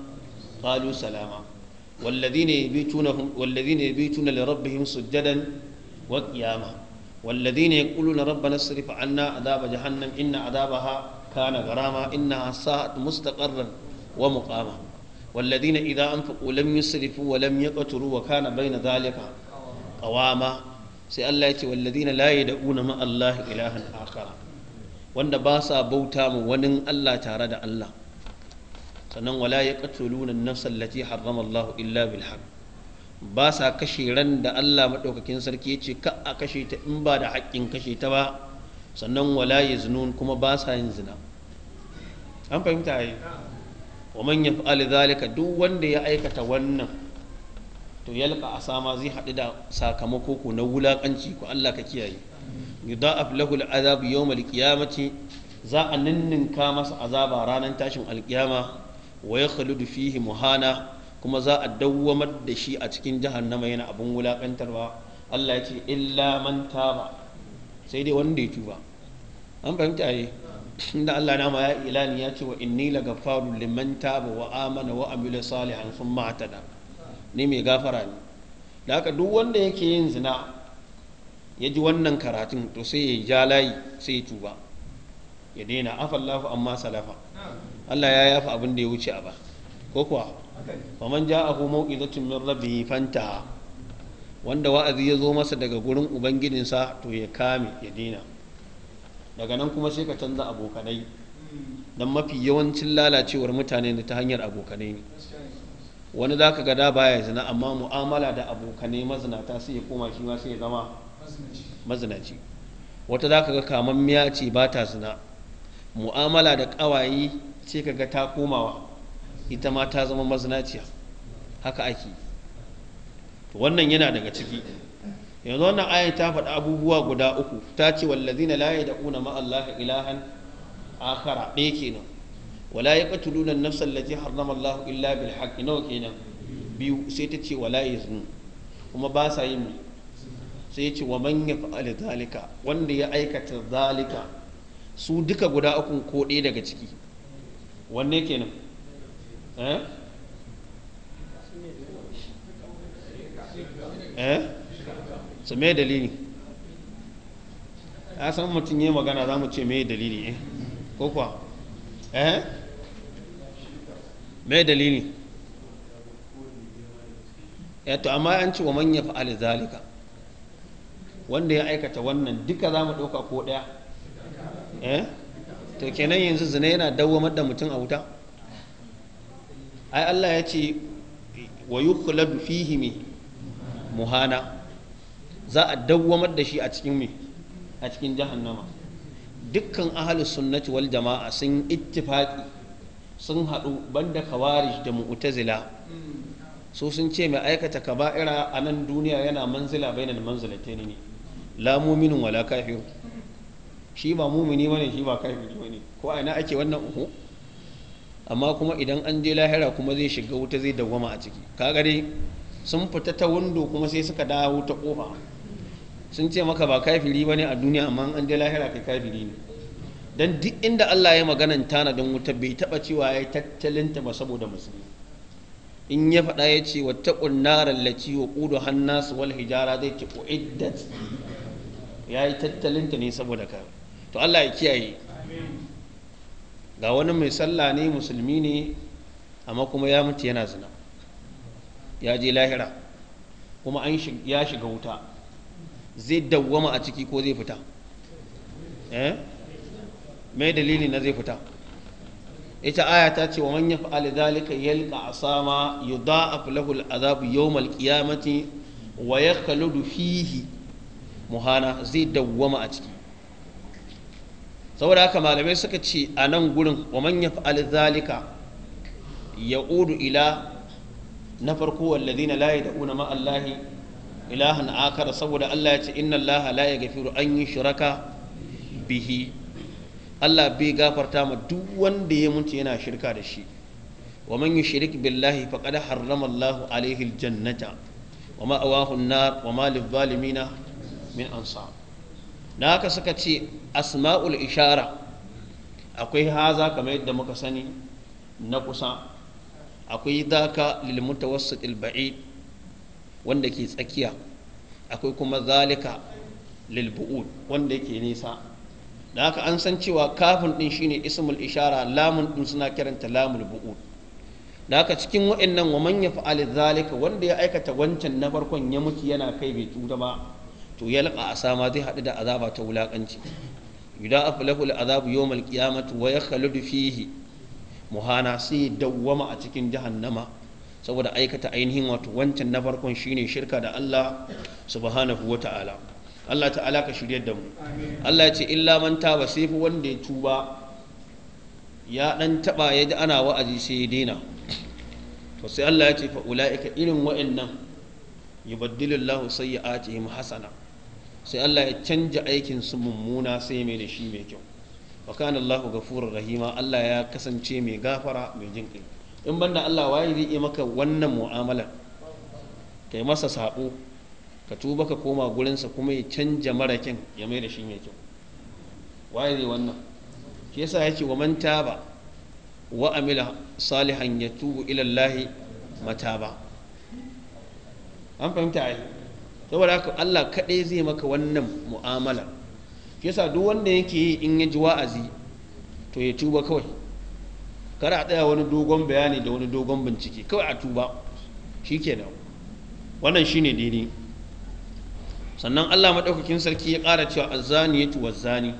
qalu salama wallazi ne bi tuna lirabbihim sujjadan wa kiyama wallazi ne kulu na rabba na sirifa an na azaba jahannam in na azaba ha kana garama in na sa mustaqarran wa muqama wallazi ne idan an faƙo lam yusrifu wa lam yaqturu wa kana bayna zalika kawama. sai Allah ya ce walladina la yad'una ma Allah ilahan akhar wanda ba sa bauta mu wani Allah tare da Allah sannan wala yaqtuluna an-nafs allati harrama Allah illa bil haqq ba sa kashe ran da Allah madaukakin sarki ya ce ka a kashe ta in ba da haƙƙin kashe ta ba sannan wala yaznun kuma ba sa yin zina an fahimta yi wa man yaf'al duk wanda ya aikata wannan to yalka sama zai haɗu da sakamako ko na wulaƙanci ko Allah ka kiyaye yudha'af a al'azab yawm al-qiyamati za a ninninka masa azaba ranar tashin alƙiyama wa khaludu fihi muhana kuma za a dawwamar da shi a cikin jahannama yana abin wulaƙantarwa Allah ya ce illa man taba sai dai wanda ya tuba an fahimta yi inda Allah na ma ya ilani ya ce wa inni faru liman taba wa amana wa amila salihan sun ma'atada ne mai gafara ne da haka duk wanda yake yin zina ya ji wannan karatun to sai ya ja layi sai ya tuba ya daina afallahu amma salafa Allah ya yafa abin da ya wuce a ba ko kuwa ja ja'ahu mau'izatun min rabbihi fanta wanda wa'azi ya zo masa daga gurin ubangijinsa to ya kame ya daina daga nan kuma sai ka canza abokanai don mafi yawancin lalacewar mutane da ta hanyar abokanai ne wani za ka gada baya zina amma mu'amala da abokanai mazinata sai ya koma shi ma sai ya zama mazinaci wata za ka ga kaman miya ce ba ta zina mu'amala da ƙawayi sai ka ga ta komawa ita ma ta zama mazinaciya haka ake wannan yana daga ciki yanzu wannan ayin ta faɗi abubuwa guda uku ta ce wallazina la yad'una ma'a allahi ilahan akhara ɗaya kenan wala ya yaqtuluna an-nafsa allati harrama Allah illa bil haqqi nawa kenan biyu sai ta ce wala yazni kuma ba sa yi yin sai ya ce wa man yaf'al zalika wanda ya aikata zalika su duka guda uku ko ɗaya daga ciki wanne kenan eh eh su me dalili ya san mutum yi magana za mu ce me dalili eh ko eh mai dalili ya eh, to amma an ci wa manya fa'ali zalika wanda ya aikata wannan duka za mu ɗauka ko daya eh to kenan yanzu zina yana dawwamar da mutum a wuta ai Allah ya ce wa yukhladu fihi fihimi muhana za a dawwamar da shi a cikin mai a cikin jahannama dukkan ahalus sunnati wal jama'a sun ittifaqi sun hadu banda kawarij da mu'tazila so sun ce mai aikata kaba'ira a nan duniya yana manzila bainal manzilataini ne la mu'minun wala kafir shi ba mumini bane shi ba kafiri bane ko a ake wannan uku amma kuma idan an je lahira kuma zai shiga wuta zai dawwama a ciki kaga dai sun fita ta windo kuma sai suka dawo ta kofa sun ce maka ba kafiri ba ne a duniya amma an je lahira kai kafiri ne don duk inda Allah ya maganan tanadin wuta bai taba cewa ya tattalin ta ba saboda musulmi in ya faɗa ya ce wattaqun wa ƙudu hannu su wal hijara zai ce ya yi tattalin ta ne saboda ka to Allah ya kiyaye ga wani mai sallah ne musulmi ne amma kuma ya mutu yana zina ya je lahira kuma ya shiga wuta zai dawwama a ciki ko zai fita eh mai dalili na zai fita ita aya ta ce wa man yaf'al dhalika yalqa asama yudha'af lahu al'azab yawm al-qiyamati wa yakhludu fihi muhana zai dawwama a ciki saboda haka malamai suka ce a nan gurin wa man zalika ya udu ila na farko walladhina la yad'una ma allahi ilahan akara saboda Allah ya ce inna Allah la yaghfiru an shiraka bihi Allah bai gafarta ma duk wanda ya mutu yana shirka da shi wa man yushrik billahi faqad harrama Allah alaihi aljannata wa ma'awahu an-nar wa ma lidh min ansar da haka suka ce asma'ul ishara akwai haza kamar yadda muka sani na kusa akwai dhaka lil mutawassit al-ba'id wanda ke tsakiya akwai kuma zalika lilbu'ud wanda yake nisa da haka an san cewa kafin din shine ismul ishara lamun din suna kiranta lamul bu'ud da haka cikin wa'annan wa man yaf'al zalika wanda ya aikata wancan na farkon ya mutu yana kai bai tuta ba to ya a sama zai haɗu da azaba ta wulakanci yuda'af lahu al'azabu yawmal qiyamati wa yakhludu fihi muhana sai dawwama a cikin jahannama saboda aikata ainihin wato wancan na farkon shine shirka da Allah subhanahu ta'ala. Allah ta'ala ka shiryar da mu Allah ya ce illa man taba sai fi wanda ya tuba ya dan taba ya ji ana wa'azi sai ya daina to sai Allah ya ce fa ulaika irin wa'annan yubaddilu Allah sayyi'atihim hasana sai Allah ya canja aikin su mummuna sai mai da shi mai kyau wa kana ghafurur rahima Allah ya kasance mai gafara mai jinƙai in banda Allah waye zai yi maka wannan mu'amala kai masa sabo ka tuba ka koma gurinsa kuma ya canja marakin ya mai da shi mai kyau waye zai wannan shi yasa yake wa man taba wa amila salihan yatubu ila Allah mataba an fahimta ai saboda haka Allah kaɗai zai maka wannan mu'amala shi yasa duk wanda yake yi in ya ji wa'azi to ya tuba kawai kar a tsaya wani dogon bayani da wani dogon bincike kawai a tuba da, wannan shi ne daidai sannan Allah maɗaukakin sarki ya ƙara cewa azzani wa zani,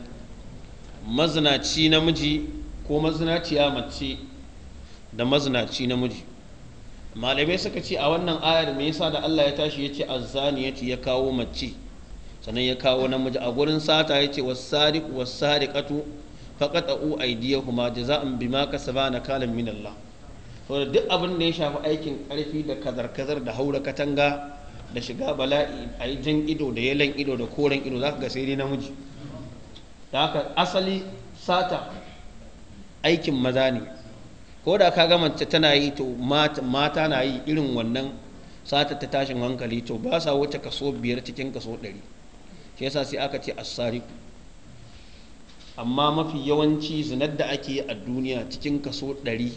mazinaci namiji ko mazinaciya mace da mazinaci namiji malamai suka ce a wannan ayar me yasa da Allah ya tashi ya ce azzani ya ya kawo mace sannan ya kawo namiji a gurin sata ya ce wasu wasariqatu faqata'u aydiyahuma jaza'an bima kasabana kalan min Allah to duk abin da ya shafi aikin karfi da kazar kazar da haura katanga da shiga bala'i a yi jan ido da yalan ido da koren ido za ka ga sai dai namiji da haka asali sata aikin maza ne ko da ka gama tana yi to mata na yi irin wannan sata ta tashin hankali to ba sa wuce kaso biyar cikin kaso ɗari shi yasa sai aka ce asariku amma mafi yawanci zinar da ake a duniya cikin kaso 100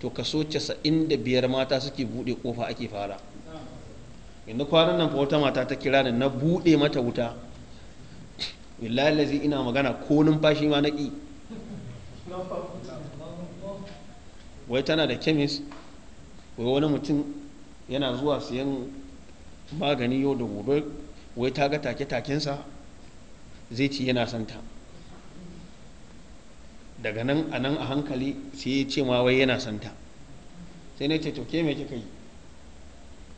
to kaso 95 mata suke buɗe kofa ake fara inda kwanan nan wata mata ta kira da na buɗe mata wuta lalazi ina magana ko numfashi ma na wai tana da kemis wai wani mutum yana zuwa siyan magani yau da gobe wai ta ga take-takensa zai ci yana santa daga nan a nan a hankali sai ya ce ma wai yana santa sai na ce to ke me kika yi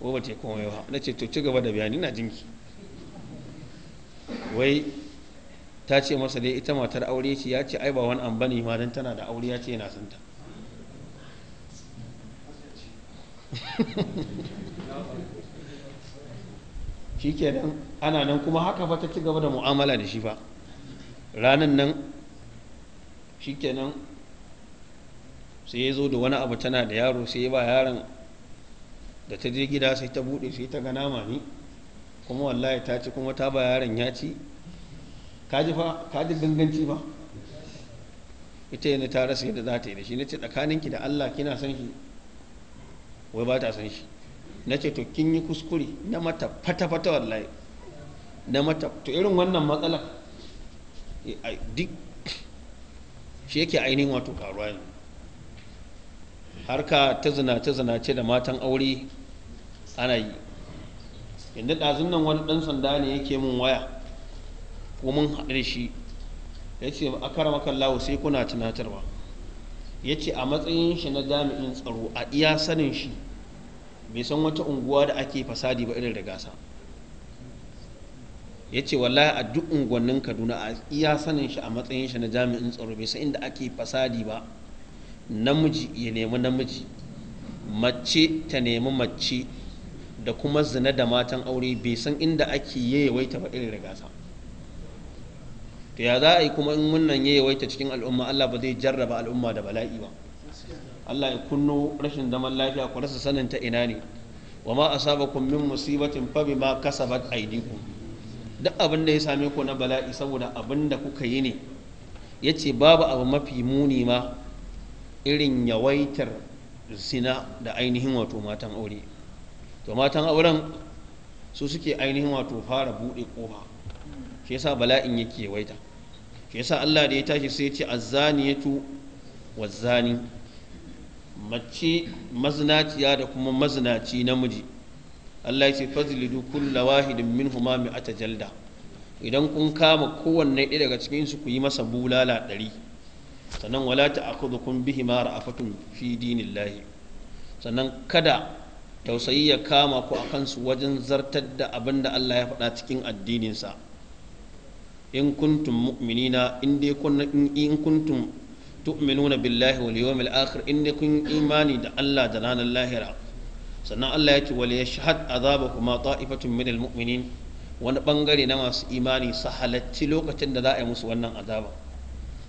ko ba ce komai ba na ce to ci gaba da bayani na jinki wai ta ce masa dai ita matar aure ce ya ce ai ba wani an bani ma dan tana da aure ya ce yana santa shi nan ana nan kuma haka ba ta ci gaba da mu'amala da shi ba ranan nan shikenan sai ya zo da wani abu tana da yaro sai ya ba yaron da ta je gida sai ta bude sai ta gana nama kuma wallahi ta ci kuma ta ba yaron ya ci kaji fa kaji ganganci ba ita yana ta rasa yadda za ta yi da shi na ce tsakaninki da Allah kina san shi wai ba ta san shi na ce to kin yi kuskure na mata fata-fata wallahi na mata to irin wannan matsalar eh, duk shi yake ainihin wato karuwa yanzu harka ta zinace zinace da matan aure ana yi inda ɗazun nan wani ɗan sanda ne yake mun waya ko mun haɗu da shi ya ce a makar lawo sai kuna tunatarwa ya ce a matsayin shi na jami'in tsaro a iya sanin shi bai san wata unguwa da ake fasadi ba irin da gasa ya ce wallahi a duk unguwannin kaduna a iya sanin shi a matsayin shi na jami'in tsaro bai san inda ake fasadi ba namiji ya nemi namiji mace ta nemi mace da kuma zina da matan aure bai san inda ake yayyawaita ba irin rigasa to ya za a yi kuma in wannan yayyawaita cikin al'umma Allah ba zai jarraba al'umma da bala'i ba Allah ya kunno rashin zaman lafiya ku rasa sanin ta ina ne wa ma asabakum min musibatin fa bima kasabat aydikum duk abin da ya same ku na bala'i saboda abin da kuka yi ne ya ce babu abu mafi muni ma irin yawaitar zina da ainihin wato matan aure to matan auren su suke ainihin wato fara buɗe ƙofa shi yasa bala'in yake yawaita shi yasa Allah da ya tashi sai ya ce tu wazzani mace mazinaciya da kuma mazinaci namiji Allah ya ce fazlidu kulla wahidin minhuma mi'ata jalda idan kun kama kowanne ɗaya daga cikin su ku yi masa bulala ɗari sannan wala kun bihi ma ra'afatun fi lahi. sannan kada tausayi ya kama ku akan su wajen zartar da abin da Allah ya faɗa cikin addininsa in kuntum mu'minina in dai kun in kuntum tu'minuna billahi wal yawmil akhir in dai kun imani da Allah da ranar lahira sannan Allah ya ce wal yashhad azabahuma ta'ifatun min almu'minin wani bangare na masu imani su halacci lokacin da za a yi musu wannan azaba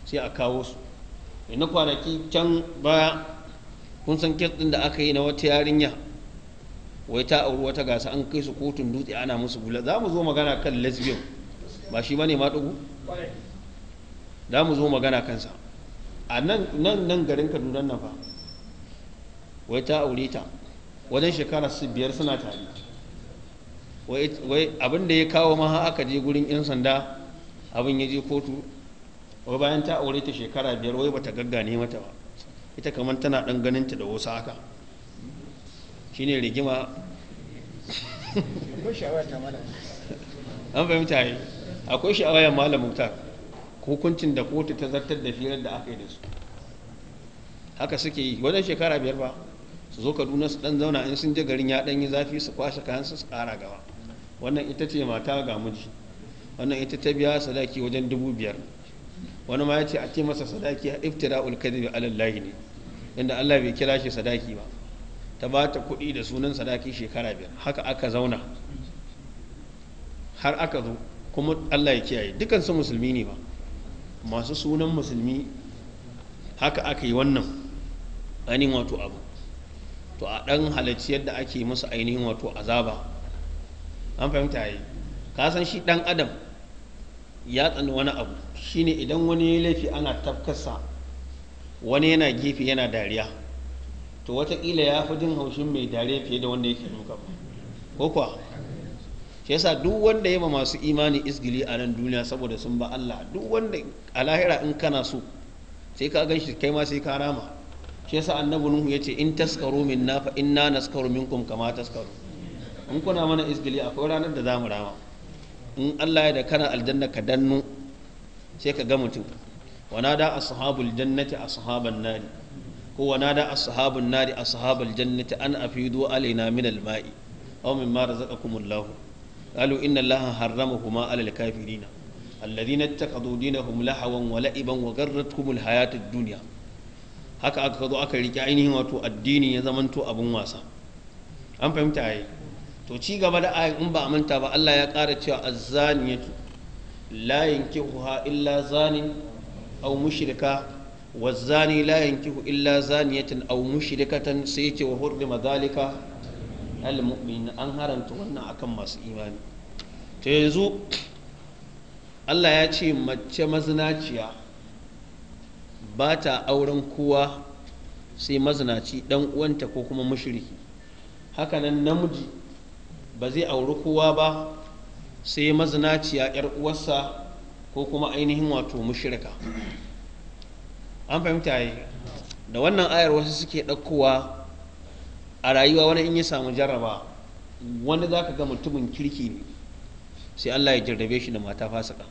sai a kawo su na kwanaki can baya kun san kes din da aka yi na wata yarinya wai ta auri wata gasa an kai su kotun dutse ana musu gula za mu zo magana kan lesbian ba shi bane ma dugu za mu zo magana kansa a nan nan garin kaduna nan fa wai ta aure ta wajen shekara su biyar suna tare wai abin da ya kawo maha aka je gurin 'yan sanda abin ya je kotu wai bayan ta aure ta shekara biyar wai bata gaggane mata ba ita kamar tana dan ganin ta da wasu haka shine rigima an fahimta yi akwai sha'awar malamin ta hukuncin da kotu ta zartar da firar da aka yi da su haka suke yi wajen shekara biyar ba su zo kaduna su dan zauna in sun je garin ya dan yi zafi su kwashe kayan su kara gaba wannan ita ce mata ga miji wannan ita ta biya sadaki wajen dubu biyar wani ma ya ce a ce masa sadaki a iftira'ul bi alallahi ne inda Allah bai kira shi sadaki ba ta ba ta kuɗi da sunan sadaki shekara biyar haka aka zauna har aka zo kuma Allah ya kiyaye su musulmi ne ba masu sunan musulmi haka aka yi wannan ainihin wato abu to a ɗan halarci yadda ake musu ainihin wato azaba an fahimta yi ka san shi ɗan adam ya tsani wani abu shine idan wani ya laifi ana tafkasa wani yana gefe yana dariya to watakila ya fi jin haushin mai dariya fiye da wanda yake nuka ko kuwa shi yasa duk wanda ya ma masu imani isgili a nan duniya saboda sun ba Allah duk wanda a lahira in kana so sai ka gan shi kai ma sai ka rama shi yasa annabi nuhu yace in taskaru minna fa inna naskaru minkum kama taskaru in kuna mana isgili akwai ranar da zamu rama in Allah ya da kana aljanna ka dannu sai ka ga mutum wanada ashabul jannati ashaban nari ko wanada ashabun nari ashabal jannati an afidu alaina min alma'i aw mimma razaqakumullah قالوا إن الله حرمهما على الكافرين الذين اتخذوا دينهم لهوا ولعبا وغرتهم الحياة الدنيا haka aka zo aka riƙe ainihin wato addini ya zamanto abin wasa an fahimta yayi to ci gaba da ayin in ba a manta ba Allah ya ƙara cewa azzaniyatu la ha illa zanin aw mushrika wazzani la yankihu illa zaniyatan aw mushrikatan sai yace wa hurrima zalika al mu'min an haramta wannan akan masu imani to yanzu Allah ya ce mace mazinaciya ba ta auren kowa sai mazinaci dan uwanta ko kuma mushriki hakanan namiji ba zai auri kowa ba sai mazinaciya yar uwarsa ko kuma ainihin wato mushrika an fahimta yi da wannan ayar wasu suke ɗaukowa a rayuwa wani in ya samu jarraba wani za ka ga mutumin kirki ne sai Allah ya jarrabe shi da mata fasika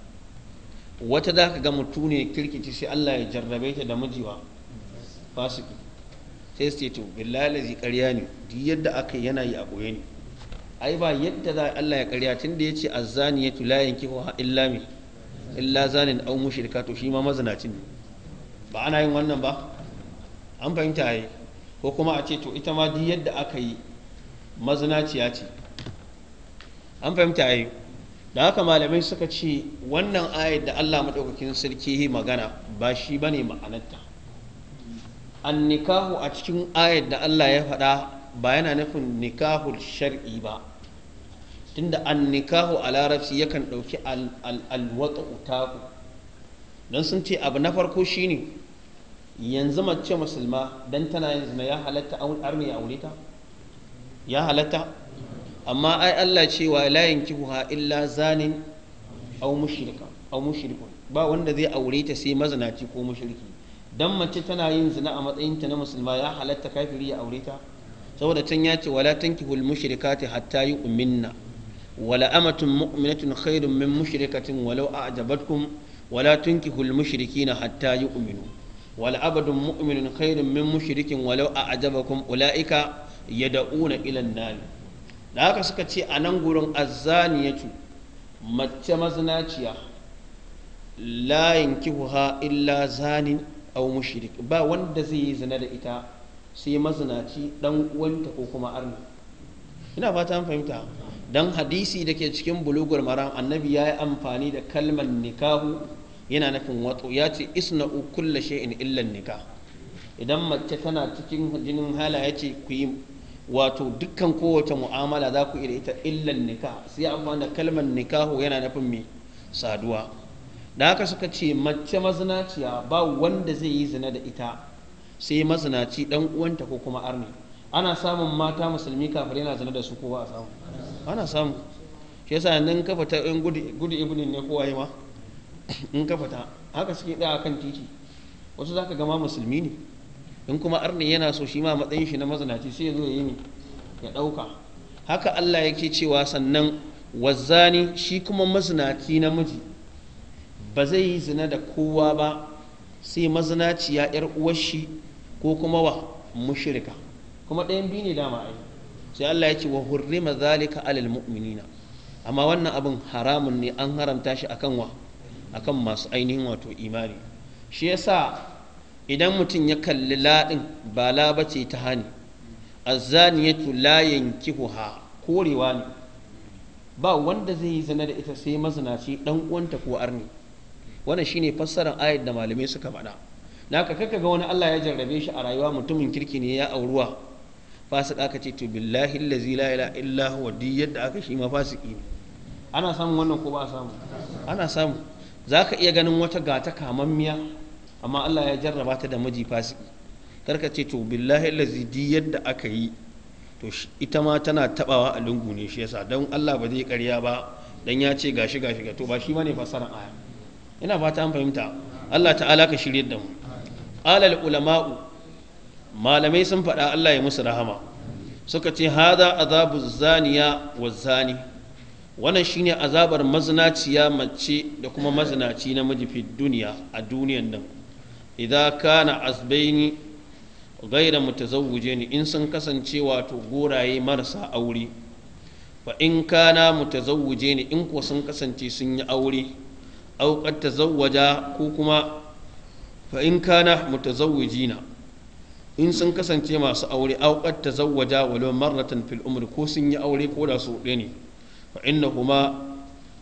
wata da ka ga mutu ne kirkici sai Allah ya jarrabe ta da mijiwa fasiki sai su to billahi lazi ƙarya ne duk yadda aka yana yi a ɓoye ne ai ba yadda za Allah ya ƙarya tun da ya ce azzani ya tula yanki ko illa mi illa zanin au mushrika to shi ma mazinacin ne ba ana yin wannan ba an fahimta yi ko kuma a ce to ita ma duk yadda aka yi mazinaciya ce an fahimta yi. da haka malamai suka ce wannan ayat da Allah maɗaukakin sarki magana ba shi ba ne ma'anarta an nikahu a cikin ayat da Allah ya faɗa ba yana nufin nikahul shar'i ba tunda an nikahu a larabci yakan ɗauki alwata utaku don sun ce abu na farko shine yanzu mace musulma don tana yanzu ya halatta aure ta ya halatta amma ai Allah cewa la yankihuha illa zanin aw mushrika aw mushrikun ba wanda zai aure ta sai mazinaci ko mushriki dan mace tana yin zina a matsayin ta na musulma ya halatta kafiri ya aure ta saboda can ya ce wala tankihul mushrikati hatta yu'minna wala amatun mu'minatun khairun min mushrikatin walau a'jabatkum wala tunkihul mushrikina hatta yu'minu wala abadun mu'minun khairun min mushrikin walau a'jabakum ulaika yad'una ila an-nar da haka suka ce a nan gurin azzaniyatu mace mazinaciya layin kihuha illa zanin au mushrik ba wanda zai yi zina da ita sai mazinaci dan uwanta ko kuma arna ina fata an fahimta dan hadisi da ke cikin bulugur maram annabi ya yi amfani da kalmar nikahu yana nufin wato ya ce isna'u kulla shay'in illan nikah idan mace tana cikin jinin hala ya ce ku yi wato dukkan kowace mu'amala za ku iya ita illan nikah sai amma da kalmar nikahu yana nufin mai saduwa da haka suka ce mace mazinaciya ba wanda zai yi zina da ita sai mazinaci dan uwanta ko kuma arni ana samun mata musulmi kafin yana zina da su kowa a samu ana samu shi yasa yanzu ka fita in gudu ibnin ne ma in ka fita haka suke da kan titi wasu zaka gama musulmi ne in kuma arni yana so shi ma matsayin shi na mazinaci sai ya zo yi ya ɗauka haka Allah yake cewa sannan wazzani shi kuma mazinaci namiji ba zai yi zina da kowa ba sai ya yar uwar shi ko kuma wa mushrika kuma ɗayan biyu ne dama ai sai Allah ya wa hurrima zalika alal mu'minina amma wannan abin haramun ne an haramta shi akan wa akan masu ainihin wato imani shi yasa idan mutum ya kalli laɗin ba la bace ta hani layin kihu ha korewa ne ba wanda zai yi zana da ita sai mazinaci dan uwanta ko arni wannan shine fassarar ayat da malamai suka faɗa naka kaka ga wani Allah ya jarrabe shi a rayuwa mutumin kirki ne ya auruwa fasik aka ce to billahi allazi la ilaha illa di yadda aka shi ma fasiki ne ana samun wannan ko ba a samu ana samu zaka iya ganin wata gata kamammiya amma Allah ya jarraba ta da miji fasiki karka ce to billahi allazi di yadda aka yi to ita ma tana tabawa a lungu ne shi yasa don Allah ba zai karya ba dan ya ce gashi gashi ga to ba shi bane fasaran aya ina fata an fahimta Allah ta'ala ka shirye da mu alal ulama'u malamai sun faɗa Allah ya musu rahama suka ce hada azabu zaniya wa zani wannan shine azabar mazinaciya mace da kuma mazinaci namiji fi duniya a duniyan nan idan kana asbaini gaira mutazawwuje ni in sun kasance wato goraye marasa aure fa in kana mutazawwuje ni in ko sun kasance sun yi aure aw qad tazawwaja ko kuma fa in kana mutazawwijina in sun kasance masu aure aw qad tazawwaja walau marratan fil umri ko sun yi aure ko da su ɗaya ne fa innahuma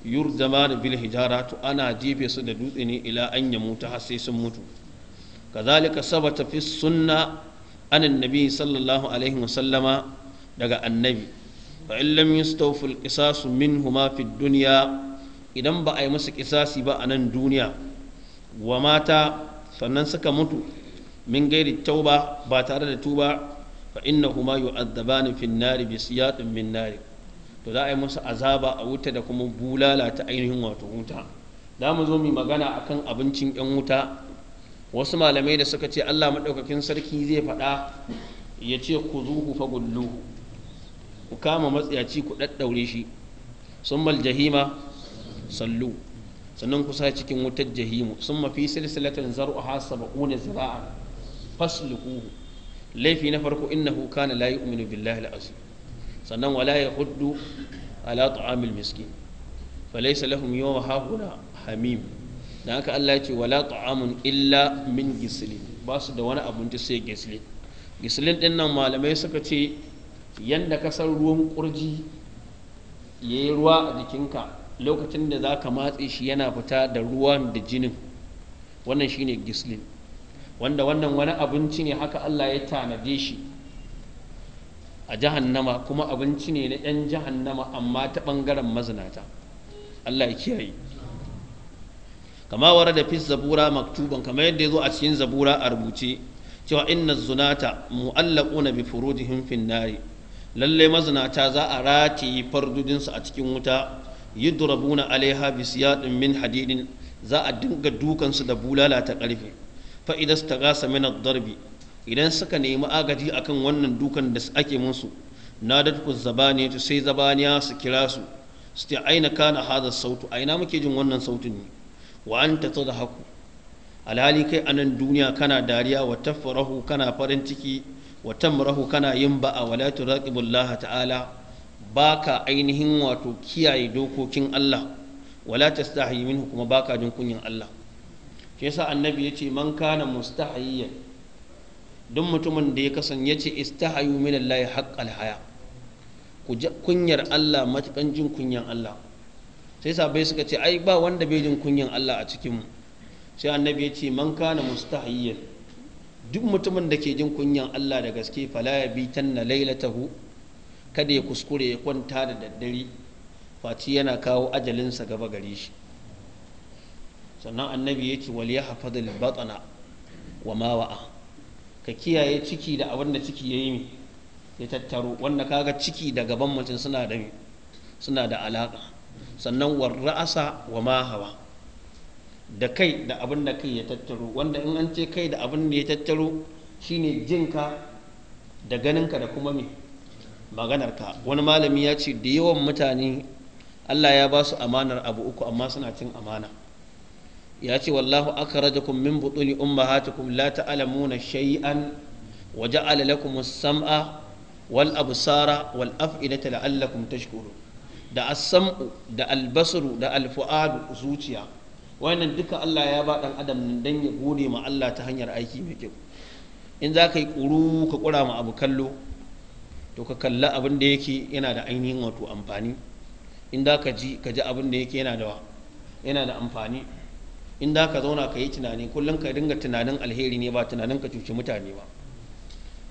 yurjama bil hijara to ana jefe su da dutse ne ila an yamuta har sai sun mutu kazalika sabata fi sunna an annabi sallallahu alaihi wasallama daga annabi fa in lam yastawfil qisasu minhuma fi dunya idan ba a yi musu kisasi ba a nan duniya wa mata sannan suka mutu min gairi tauba ba tare da tuba fa innahuma yu'adzabani finnari nari bi siyatin min nari to za a yi musu azaba a wuta da kuma bulala ta ainihin wato wuta da mu zo mu magana a kan abincin yan wuta wasu malamai da suka ce Allah maɗaukakin sarki zai faɗa ya ce ku zuhu fa gulluhu ku kama matsiyaci ku ɗaɗɗaure shi sun jahima sallu sannan ku sa cikin wutar jahimu sun mafi silsilatin zar'uha saba'una zira'an fasluhu laifi na farko innahu kana la yu'minu billahi al sannan wala yahuddu ala ta'amil miskin falaysa lahum yawma hahuna hamim da haka Allah ya ce wala ta'amun illa min gislin ba su da wani abinci sai gislin gislin din nan malamai suka ce yanda ka san ruwan kurji ya yi ruwa a jikinka lokacin da za ka matse shi yana fita da ruwan da jinin wannan shine gislin wanda wannan wani abinci ne haka Allah ya tanade shi a jahannama kuma abinci ne na 'yan jahannama amma ta ɓangaren mazinata Allah ya kiyaye kama wara da fi zabura maktuban kama yadda ya zo a cikin zabura a rubuce cewa inna zunata mu'allaquna bi furujihim fin nari lalle mazinata za a yi fardudinsu a cikin wuta yudrabuna alaiha bi siyadin min hadidin za a dinga dukansu da bulala ta karfe fa idan gasa min darbi idan suka nemi agaji akan wannan dukan da ake musu nadatku zabani to sai zabaniya su kira su su ta aina kana hadha sautu aina muke jin wannan sautin ne wa tsada haku alhali kai a nan duniya kana dariya wa tafarahu kana farin ciki wa tamrahu kana yin ba'a wa la turaqibullaha ta'ala baka ainihin wato kiyaye dokokin Allah wala tastahi minhu kuma baka jin kunyin Allah shi yasa annabi yace man kana mustahayiyar duk mutumin da ya kasance yace istahayu min Allah haqqal haya kunyar Allah matakan jin kunyan Allah sai sabai suka ce ai ba wanda bai jin kunyan Allah a cikin mu sai annabi ya ce man kana mustahiyyan duk mutumin da ke jin kunyan Allah da gaske fala ya bi tanna lailatahu kada ya kuskure ya kwanta da daddare faci yana kawo ajalinsa gaba gare shi sannan annabi ya ce wal yahfadil batna wa ma wa'a ka kiyaye ciki da abin da ciki yayi mi ya tattaro wanda kaga ciki da gaban mutum suna da suna da alaka sannan ra'asa wa ma hawa da kai da abin da kai ya tattaro wanda in an ce kai da abin da ya tattaro shine jinka da ganinka da kuma mai maganarka wani malami ya ce da yawan mutane Allah ya ba su amanar abu uku amma suna cin amana ya ce wallahu akhrajakum min butuni ummahatikum la ta'lamuna shay'an wa ja'ala lakum as-sam'a wal absara wal af'idata la'allakum tashkurun da asamu da albasaru, da alfu'adu zuciya Wannan duka Allah ya ba dan adam dan ya gode ma Allah ta hanyar aiki mai kyau in za ka yi ƙuru ka ƙura ma abu kallo to ka kalla abin da yake yana da ainihin wato amfani in da ka ji ka ji abin da yake yana da yana da amfani in da ka zauna ka yi tunani kullum ka dinga tunanin alheri ne ba tunanin ka cuci mutane ba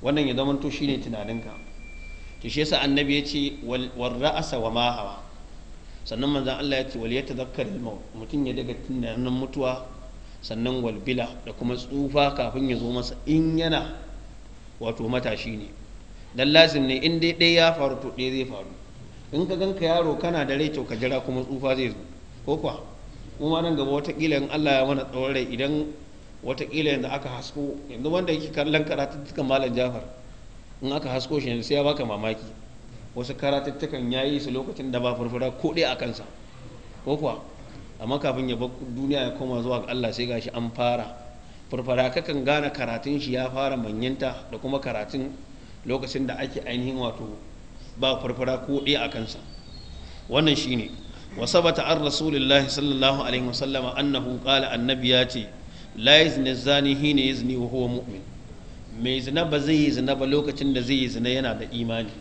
wannan ya zama to shine tunaninka to shi yasa annabi ya ce wal ra'asa wa ma hawa sannan manzon Allah ya ce wal yatadhakkar al maut mutum ya daga tunanin mutuwa sannan wal bila da kuma tsufa kafin ya zo masa in yana wato matashi ne dan lazim ne in dai dai ya faru to dai zai faru in ka ganka yaro kana da rai to ka jira kuma tsufa zai zo ko kuwa kuma nan gaba kila in Allah ya mana tsawon rai idan watakila yanzu aka hasko yanzu wanda yake kallon karatun malam Jafar in aka hasko shi sai ya baka mamaki wasu karatuttukan ya yi su lokacin da ba farfara ko a kansa ko kuwa amma kafin ya duniya ya koma zuwa ga Allah sai gashi an fara farfara kakan gane karatun shi ya fara manyanta da kuma karatun lokacin da ake ainihin wato ba farfara ko ɗaya a kansa wannan shine وثبت an رسول الله صلى الله annahu وسلم أنه قال ce ياتي لا يزني الزاني حين wa huwa mu'min mai zina ba zai yi zina ba lokacin da zai yi zina yana da imani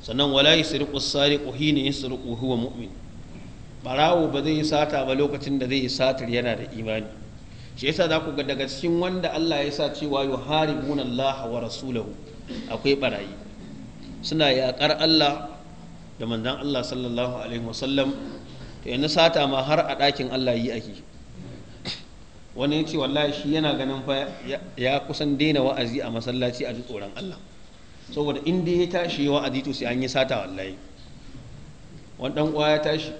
sannan wala yusriqu sariqu hina yusriqu huwa mu'min barawo ba zai yi sata ba lokacin da zai yi satir yana da imani shi yasa za ku ga daga cikin wanda Allah ya sa cewa yuharibuna Allah wa rasulahu akwai barayi suna yakar Allah da manzon Allah sallallahu alaihi wasallam to yanzu sata ma har a ɗakin Allah yi ake wani ya ce wallahi shi yana ganin fa ya kusan daina wa'azi a masallaci a ji tsoron Allah saboda in dai ya tashi ya wa'azi to sai an yi sata wallahi wani dan uwa ya tashi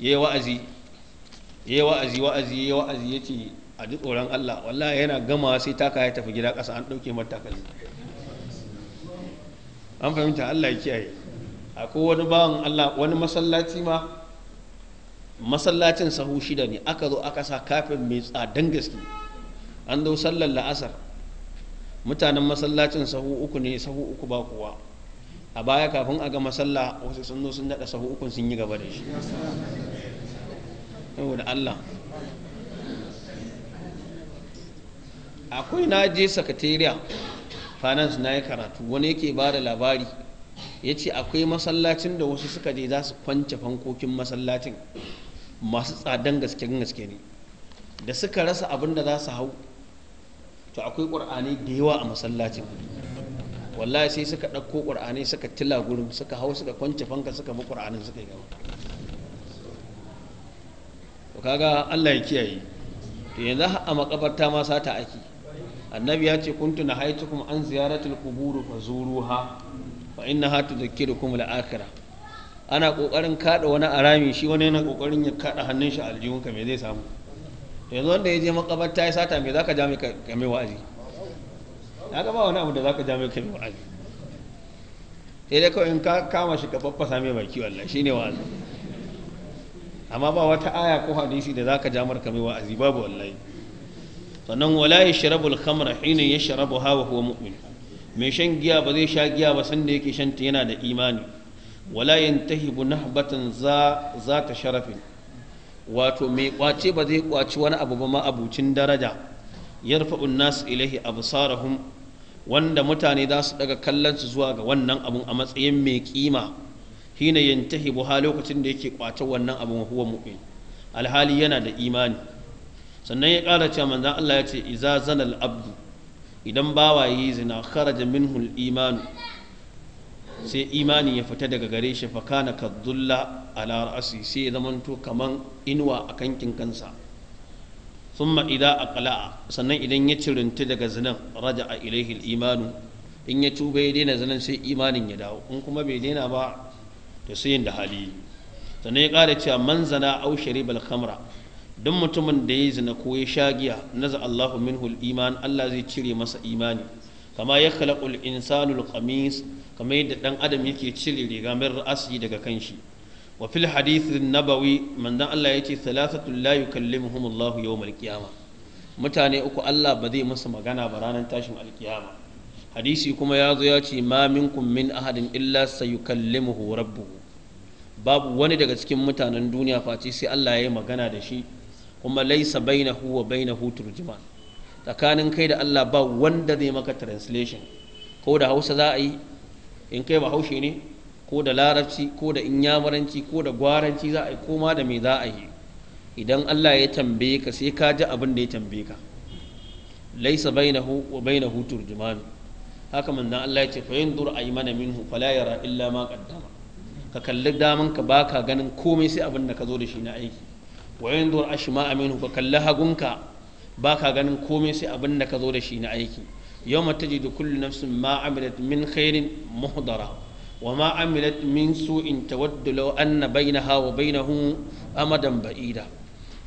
ya yi wa'azi ya yi wa'azi wa'azi ya yi wa'azi ya ce a ji tsoron Allah wallahi yana gama sai taka ya tafi gida ƙasa an ɗauke mata takalmi an fahimta Allah ya kiyaye akwai wani bawan Allah wani masallaci ma masallacin sahu shida ne aka zo aka sa kafin mai tsadan gaske an zo sallar la'asar mutanen masallacin sahu uku ne sahu uku ba kuwa a baya kafin a ga masalla wasu sun zo sun daɗa sahu uku sun yi gaba da shi da Allah akwai na je sakatariya finance na yi karatu wani yake ba da labari ya ce akwai masallacin da wasu suka je za su kwance fankokin masallacin masu tsadan gaske gaske ne da suka rasa abin da za su hau to akwai ƙur'ani da yawa a masallacin wallahi sai suka ɗauko ƙur'ani suka tila gurin suka hau suka kwanci fanka suka bi ƙur'anin suka yi gaba to kaga Allah ya kiyaye to yanzu a makabarta ma sata ake annabi ya ce kuntu na haitukum an ziyaratul qubur zuruha fa innaha tudhkirukum al-akhirah ana kokarin kada wani arami shi wani yana kokarin ya kada hannun shi aljihunka me zai samu yanzu wanda ya je makabarta ya sata me zaka ja mai kame wa'azi ya ga ba wani abu da zaka ja mai kame wa'azi sai dai kawai in ka kama shi ka faffasa mai baki wallahi shine wa'azi amma ba wata aya ko hadisi da zaka ja mar kame wa'azi babu wallahi sannan wala yashrabul khamra hina yashrabuha wa huwa mu'min mai shan giya ba zai sha giya ba sanda yake shanta yana da imani wala yantahibu nahbatan za za ta sharafin wato mai kwace ba zai kwaci wani abu ba ma abucin daraja yarfa'un nas ilaihi absarahum wanda mutane za su daga kallon su zuwa ga wannan abun a matsayin mai kima hina yantahibu ha lokacin da yake kwace wannan abun huwa mu'min alhali yana da imani sannan ya kara cewa manzon Allah ya ce iza zanal abdu idan yi zina kharaja minhu al-imanu sai imani ya fita daga gare shi fa kana kaddulla ala ra'si sai ya zamanto kaman inuwa a kansa. summa thumma idza kala'a sannan idan ya cirinta daga zinan raja'a a al-imanu in ya tuba ya daina zinan sai imanin ya dawo in kuma bai daina ba to sai da hali sannan ya kara cewa man zana aw sharibal khamra duk mutumin da ya zina ko ya sha giya naza Allahu minhu al-iman Allah zai cire masa imani kama ya khalaqul insanu al-qamis kamar yadda dan adam yake cire riga min ra'asi daga kanshi wa fil hadith nabawi manzon Allah yace salasatu la yukallimuhum Allah yawm al-qiyamah mutane uku Allah ba zai musu magana ba ranar tashin alkiyama hadisi kuma ya zo ya ce ma minkum min ahadin illa sayukallimuhu rabbuhu babu wani daga cikin mutanen duniya face sai Allah ya yi magana da shi kuma laisa bainahu wa bainahu turjuman tsakanin kai da Allah ba wanda zai maka translation ko da Hausa za a yi in kai bahaushe ne ko da larabci ko da inyamuranci ko da gwaranci za a yi koma da me za a yi idan Allah ya tambaye ka sai ka ji abin da ya tambaye ka laisa bainahu wa bainahu turjuman haka manzon Allah ya ce fa yanzur aymana minhu fala yara illa ma qaddama ka kalli daman ka baka ganin komai sai abin da ka zo da shi na aiki wa yanzur ashma Aminu ka kalli hagunka baka ganin komai sai abin da ka zo da shi na aiki yawma tajidu kullu nafsin ma amilat min khairin muhdara wa ma amilat min su'in tawaddu law anna bainaha wa bainahu amadan ba'ida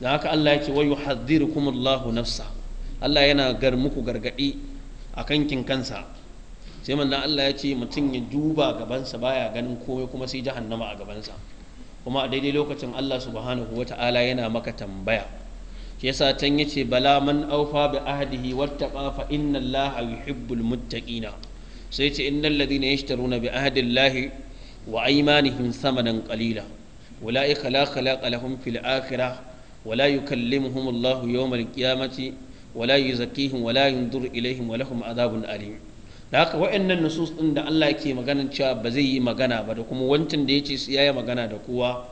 dan haka Allah yake wa yuhadhdhirukum Allahu nafsa Allah yana gar muku gargadi akan kin kansa sai manzon Allah ya ce mutum ya duba gabansa baya ganin komai kuma sai jahannama a gabansa kuma a daidai lokacin Allah subhanahu wata'ala yana maka tambaya shi yasa can yace bala man aufa bi ahdihi wattaqa fa inna allaha yuhibbul muttaqina sai yace innal ladina ya bi ahdi allahi wa aymanihim samanan qalila ulaika la khalaqa lahum fil akhirah ولا يكلمهم الله يوم القيامة ولا يزكيهم ولا ينظر إليهم ولهم عذاب أليم da haka wa'annan nusus ɗin da Allah yake maganan cewa ba zai yi magana ba da kuma wancan da ya ce ya yi magana da kowa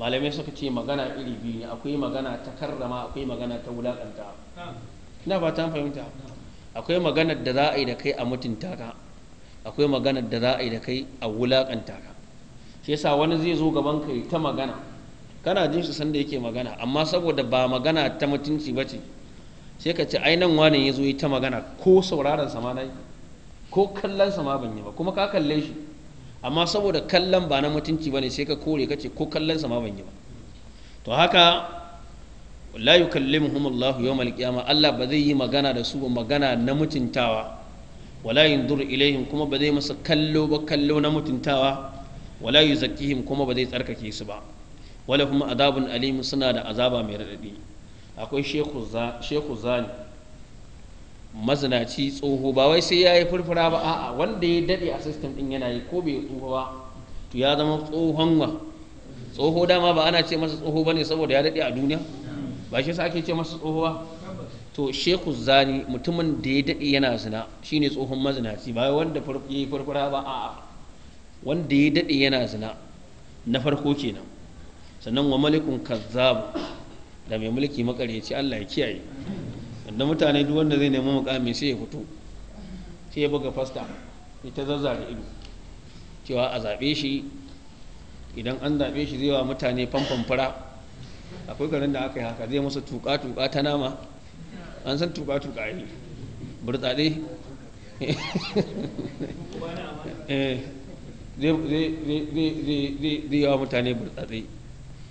malamai suka ce magana iri biyu ne akwai magana ta karrama akwai magana ta wulakanta ina ba ta fahimta akwai magana da za a yi da kai a mutunta ka akwai magana da za a yi da kai a wulakanta ka shi yasa wani zai zo gaban ka ta magana kana jin shi sanda yake magana amma saboda ba magana ta mutunci ba ce sai ka ce ai nan wani ya zo yi ta magana ko sauraron sama na yi ko kallon sama ban yi ba kuma ka kalle shi amma saboda kallon ba na mutunci ne sai ka kore kace ko kallonsa sa ma ban yi ba to haka la yukallimuhum Allah yawmal qiyamah Allah ba zai yi magana da su magana na mutuntawa wala yanzuru ilaihim kuma ba zai masa kallo ba kallo na mutuntawa wala yuzakkihim kuma ba zai tsarkake su ba wala kuma azabun alim suna da azaba mai radadi akwai shekhu zani mazinaci tsoho ba wai sai ya yi furfura ba a'a wanda ya daɗe a system ɗin yana yi ko bai tsoho ba to ya zama tsohon wa tsoho dama ba ana ce masa tsoho ba ne saboda ya daɗe a duniya ba shi sa ake ce masa tsoho ba to sheku zani mutumin da ya daɗe yana zina shine tsohon mazinaci ba wanda ya yi furfura ba a'a wanda ya daɗe yana zina na farko kenan sannan wa malikun kazzabu da mai mulki makaryaci Allah ya kiyaye da mutane duk wanda zai nemi mukami sai ya fito sai ya buga fasta ita zazzare ido cewa a zaɓe shi idan an zaɓe shi zai wa mutane famfan fura akwai garin da aka yi haka zai musu tuka-tuka ta nama an san tuka-tuka eh, yi burtsade zai yawa mutane burtsatse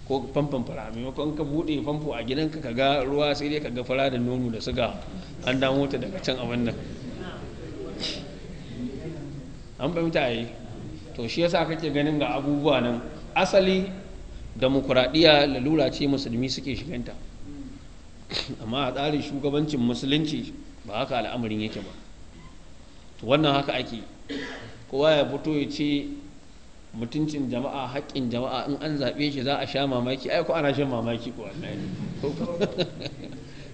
ko famfon fara maimakon ka buɗe famfo a gidanka ka ga ruwa sai dai ka ga fara da nono da suga an damo ta daga can abin nan an fahimta a yi to shi yasa kake ganin ga abubuwa nan asali demokuraɗiyya lalura ce musulmi suke shiganta amma a tsarin shugabancin musulunci ba haka al'amarin yake ba to wannan haka ake kowa ya fito ya ce mutuncin jama'a haƙƙin jama'a in an zaɓe shi za a sha mamaki ai ko ana shan mamaki ko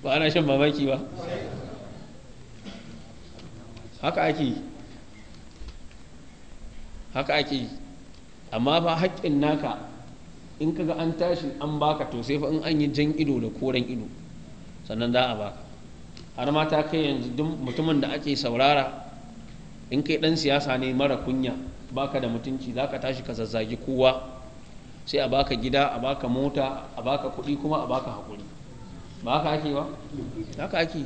ba ana shan mamaki ba haka ake haka ake amma fa haƙƙin naka in kaga an tashi an baka to sai fa in an yi jan ido da koren ido sannan za a baka har ma ta kai yanzu mutumin da ake saurara in kai dan siyasa ne mara kunya baka da mutunci zaka tashi ka zazzagi kowa sai a baka gida a baka mota a baka kuɗi kuma a baka hakuri ba haka ake ba haka ake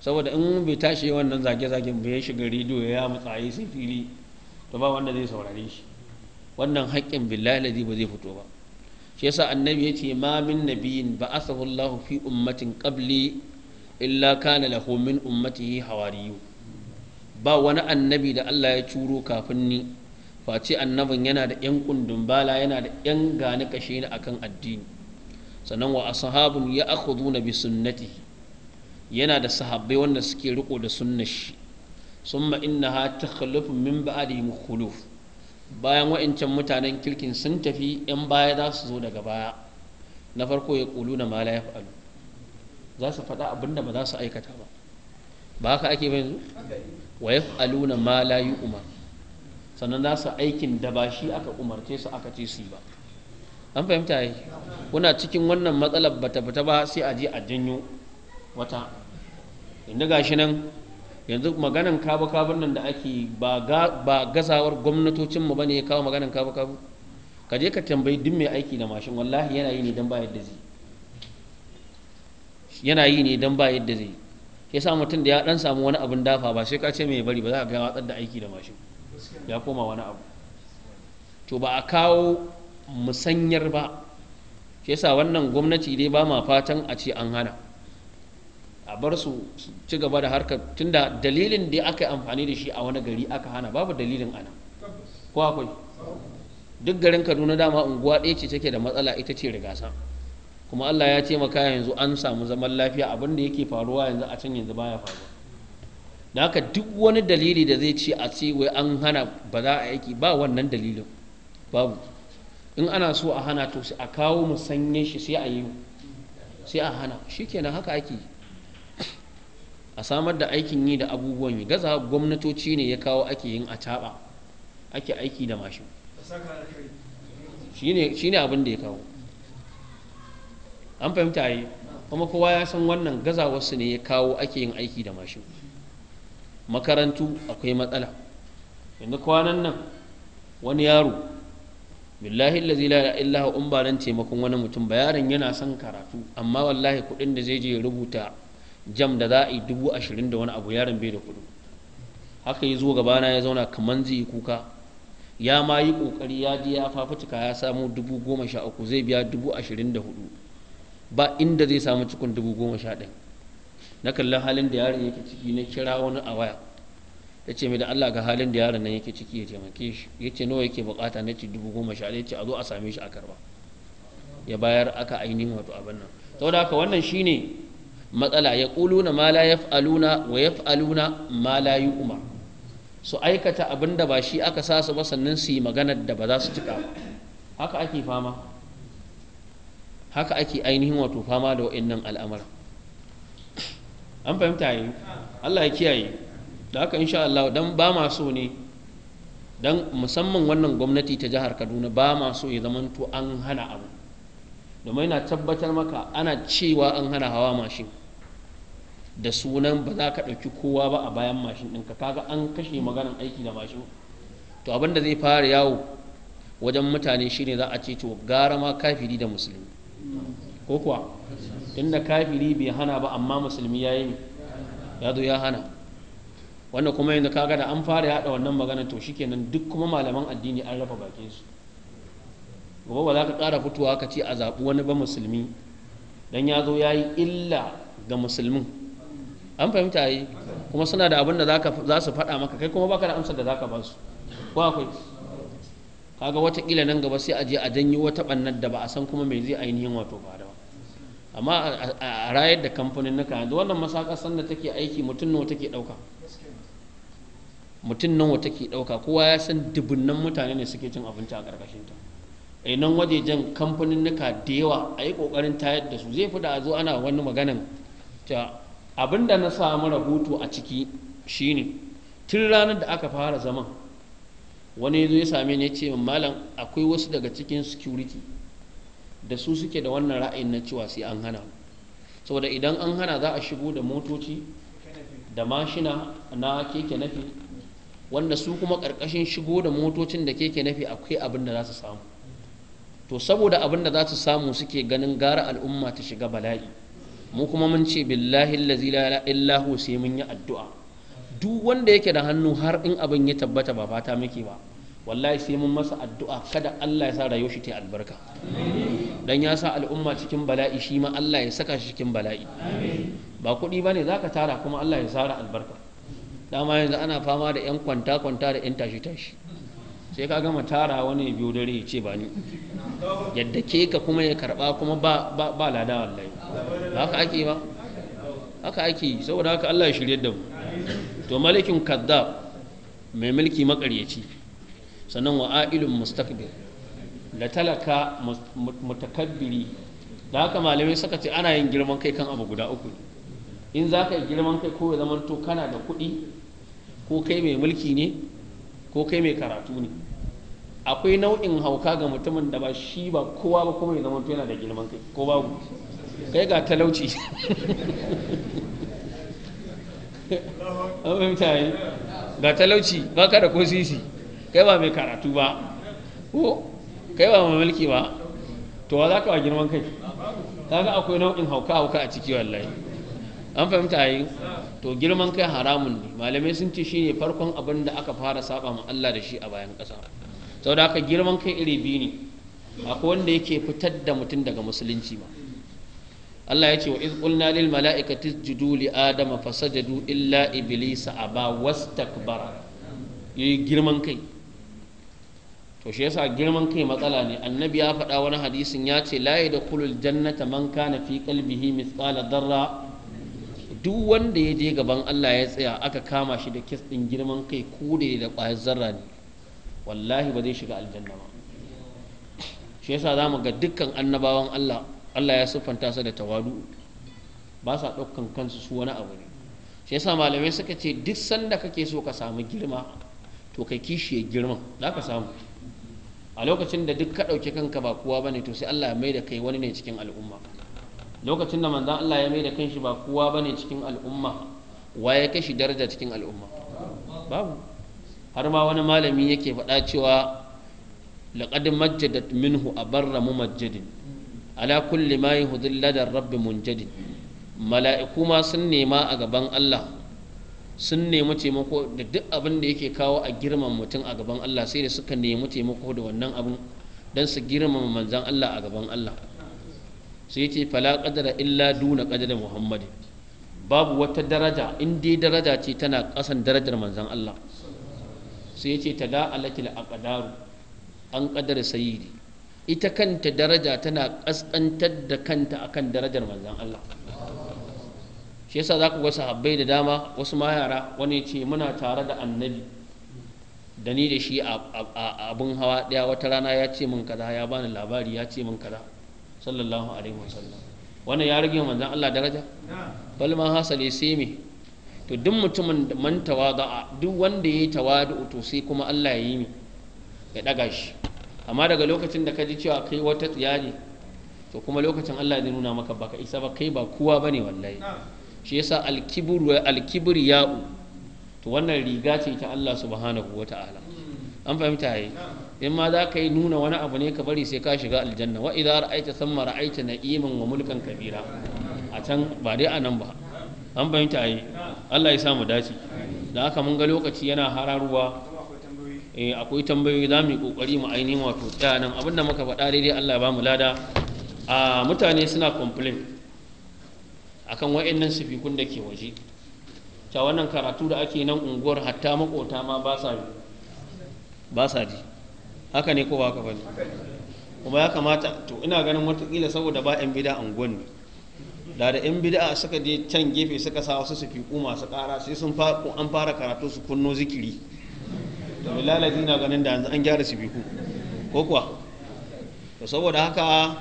saboda in bai tashi wannan zage-zagen bai shiga rediyo ya mutsaye sai fili to ba wanda zai saurare shi wannan haƙƙin billahi ladi ba zai fito ba shi yasa annabi yace ma min nabiyin ba asahu Allahu fi ummatin qabli illa kana lahu min ummatihi hawariyu ba wani annabi da Allah ya curo kafin ni face annabin yana da yan kundin bala yana da yan gane kashe ni akan addini sannan wa ashabun ya na bi sunnati yana da sahabbai wanda suke riko da sunnar shi summa innaha takhlufu min ba'di mukhluf bayan wa'ancan mutanen kirkin sun tafi yan baya za su zo daga baya na farko ya kulu na mala ya fa'alu za su faɗa abinda ba za su aikata ba ba haka ake ba yanzu wa yaf'aluna ma la yu'mar sannan su aikin da ba shi aka umarce su aka ce su ba an fahimta yi kuna cikin wannan matsalar bata fita ba sai a je a janyo wata inda gashi nan yanzu maganan kabu nan da ake ba gazawar gwamnatocin mu bane ya kawo maganan kabu kabu ka je ka tambayi duk mai aiki da mashin wallahi yana yi ne don ba yadda zai ba yadda zai ke sa mutum da ya dan samu wani abin dafa ba sai ka ce mai bari ba za ka gaya watsar da aiki da mashin ya koma wani abu to ba a kawo musanyar ba ke sa wannan gwamnati dai ba ma fatan a ce an hana a bar su ci gaba da harkar da dalilin da aka yi amfani da shi a wani gari aka hana babu dalilin ana ko akwai duk garin kaduna dama unguwa ɗaya ce take da matsala ita ce rigasa kuma Allah ya ce maka yanzu an samu zaman lafiya abin da yake faruwa yanzu a can yanzu baya faruwa da haka duk wani dalili da zai ce a ce wai an hana ba za a yaki ba wannan dalilin babu in ana so a hana to a kawo mu sanye shi sai a yi sai a hana shikenan haka ake a samar da aikin yi da abubuwan yi gaza gwamnatoci ne ya kawo ake yin a ake aiki da mashin shine abin da ya kawo an fahimta yi kuma kowa ya san wannan gazawarsu ne ya kawo ake yin aiki da mashin makarantu akwai matsala yanzu kwanan nan wani yaro billahi lazi la illaha in taimakon wani mutum ba yaron yana son karatu amma wallahi kuɗin da zai je rubuta jam da za a yi dubu ashirin da wani abu yaron bai da kudu haka ya zo gabana ya zauna kamar zai yi kuka ya ma yi kokari ya je ya fafutuka ya samu dubu goma sha uku zai biya dubu ashirin da hudu ba inda zai samu cikin dubu goma sha ɗaya na kallon halin da yaron yake ciki na kira wani a waya ya ce mai da Allah ga halin da yaron nan yake ciki ya taimake shi ya ce nawa yake bukata na ce dubu goma sha ɗaya ce a zo a same shi a karba ya bayar aka ainihin wato abin nan saboda haka wannan shine matsala ya kuluna ma la yaf'aluna wa yaf'aluna ma la yu'mar su aikata abin da ba shi aka sa su ba sannan su yi maganar da ba za su cika ba haka ake fama haka ake ainihin wato fama da wa'annan al'amura an fahimta yi Allah ya kiyaye da haka insha Allah don ba ma ne don musamman wannan gwamnati ta jihar Kaduna ba ma so ya to an hana abu domin na tabbatar maka ana cewa an hana hawa mashin da sunan ba za ka ɗauki kowa ba a bayan mashin ɗinka kaga an kashe maganan aiki da mashin to abinda zai fara yawo wajen mutane shine za a ce to gara ma kafiri da musulmi ko kuwa inda kafiri bai hana ba amma musulmi ya yi ya zo ya hana wanda kuma yanzu kaga da an fara yada wannan magana to shi kenan duk kuma malaman addini an rafa bakin su gobe ba za ka kara fitowa ka ce a zaɓi wani ba musulmi dan ya zo ya yi illa ga musulmin an fahimta yi kuma suna da abin da za su faɗa maka kai kuma baka da amsar da za ka ba su ko akwai kaga watakila nan gaba sai a je a janyi wata bannar da ba a san kuma mai zai ainihin wato ba da amma a rayar da kamfanin na yanzu wannan masakar sanda take aiki mutum nawa take dauka mutum nawa take dauka kowa ya san dubunnan mutane ne suke cin abinci a karkashin ta eh nan wajejen kamfanin nuka da yawa a yi kokarin tayar da su zai fi da a zo ana wani maganan ta abinda na samu rahoto a ciki shine tun ranar da aka fara zaman wani zo ya same ni ya ce min malam akwai wasu daga cikin security da su suke da wannan ra'ayin na cewa sai an hana saboda idan an hana za a shigo da motoci da mashina na keke nafi wanda su kuma ƙarƙashin shigo da motocin da keke nafi akwai abin da za su samu to saboda abin da za su samu suke ganin gara al'umma ta shiga bala'i mu kuma mun ce billahi lazi la sai mun yi addu'a duk wanda yake da hannu har in abin ya tabbata ba fata muke ba wallahi sai mun masa addu'a kada Allah ya sa rayuwar shi ta albarka dan ya sa al'umma cikin bala'i shi ma Allah ya saka shi cikin bala'i ba kuɗi ba ne zaka tara kuma Allah ya sara albarka dama yanzu ana fama da yan kwanta kwanta da yan tashi tashi sai ka gama tara wani biyu dare ya ce ba ni yadda ke ka kuma ya karba kuma ba ba lada wallahi haka ake ba haka ake saboda haka Allah ya shirye da mu to malikin kaddab mai mulki makaryaci sannan wa ailun mustakbir da talaka mutakabbiri da haka malamai suka ce ana yin girman kai kan abu guda uku in za ka yi girman kai ko ya zama to kana da kuɗi ko kai mai mulki ne ko kai mai karatu ne akwai nau'in hauka ga mutumin da ba shi ba kowa ba kuma ya zama to yana da girman kai ko babu kai ga talauci an ga talauci ba ka da ko sisi kai ba mai karatu ba ko kai ba mai mulki ba to wa za ka wa girman kai ga akwai nau'in hauka hauka a ciki wallahi an fahimta yi to girman kai haramun ne malamai sun ce shi ne farkon abin da aka fara saba ma Allah da shi a bayan ƙasa saboda haka girman kai iri biyu ne akwai wanda yake fitar da mutum daga musulunci ba Allah ya ce wa iz qulna lil mala'ikati isjudu li adama fasajadu illa iblisa aba wastakbara yayi girman kai to shi yasa girman kai matsala ne annabi ya faɗa wani hadisin ya ce la yadkhulul jannata man kana fi qalbihi mithqala darra duk wanda ya je gaban Allah ya tsaya aka kama shi da kis din girman kai ko da da ƙwayar zarra ne wallahi ba zai shiga aljanna ba shi yasa zamu ga dukkan annabawan Allah Allah ya siffanta su da tawadu ba sa ɗaukan kansu su wani abu ne shi yasa malamai suka ce duk sanda kake so ka samu girma to kai kishiye girman za ka samu a lokacin da duk ka ɗauki kanka ba kowa bane to sai Allah ya mai kai wani ne cikin al'umma lokacin da manzan Allah ya mai da kanshi ba kowa bane cikin al'umma wa ya kashi daraja cikin al'umma babu har ma wani malami yake faɗa cewa laqad majjadat minhu abarra mumajjadin ala kulli ma yuhdil ladar rabbi munjadin mala'iku ma sun nema a gaban Allah sun nemi taimako da duk abin da yake kawo a girman mutum a gaban Allah sai da suka nemi taimako da wannan abin don su girmama manzan Allah a gaban Allah sai ce fala qadara illa duna qadari muhammadin babu wata daraja in dai daraja ce tana kasan darajar manzan Allah sai ya ce ta da alatil aqdaru an qadara sayyidi ita kanta daraja tana ƙasƙantar da kanta akan darajar manzan Allah shi yasa za ku ga sahabbai da dama wasu ma yara wani ce muna tare da annabi da ni da shi a abin hawa ɗaya wata rana ya ce min kaza ya bani labari ya ce min kaza sallallahu alaihi wasallam wannan ya rage manzan Allah daraja bal ma hasale sai me to duk mutumin man tawada duk wanda yayi tawadu to sai kuma Allah ya yi mi ya daga shi amma daga lokacin da ka ji cewa kai wata tsiyari to kuma lokacin Allah zai nuna maka baka isa ba kai ba kowa bane wallahi shi yasa alkibru ya'u to wannan riga ce ta Allah subhanahu wata'ala hmm. an fahimta yi in ma za ka yi nuna wani abu ne ka bari sai ka shiga aljanna wa idza ra'aita thamma ra'aita na'iman wa mulkan kabira a can ba dai a nan ba an fahimta yi Allah ya sa mu dace da haka mun ga lokaci yana hararuwa Eh, akwai tambayoyi za mu yi kokari mu ainihin wato tsaya nan abinda muka faɗa daidai Allah ba mu lada a mutane suna complain akan wa'annan sifikun da ke waje ta wannan karatu da ake nan unguwar hatta makota ma ba sa ba sa ji haka ne ko ba haka bane kuma ya kamata to ina ganin watakila saboda ba 'yan bida unguwan ne da da yan bid'a suka je can gefe suka sa wasu su masu ƙara sai sun an fara karatu su kunno zikiri lalabi na ganin da yanzu an gyara sibiku ko kuwa to saboda haka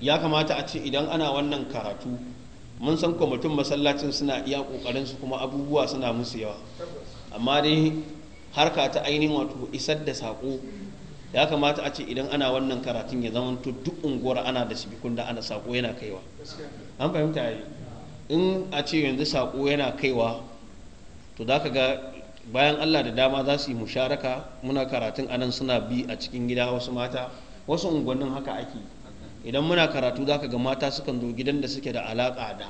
ya kamata a ce idan ana wannan karatu mun san kwamitin masallacin suna iya kokarin su kuma abubuwa suna musu yawa amma dai harka ta ainihin wato isar da sako ya kamata a ce idan ana wannan karatun ya zama duk unguwar ana da sibikun da ana sako yana kaiwa an fahimta yi in a ce yanzu sako yana kaiwa to za ka ga bayan Allah da dama za su yi musharaka muna karatun anan suna bi a cikin gida wasu mata wasu unguwannin haka ake idan muna karatu za ka ga mata sukan zo gidan da suke da alaƙa da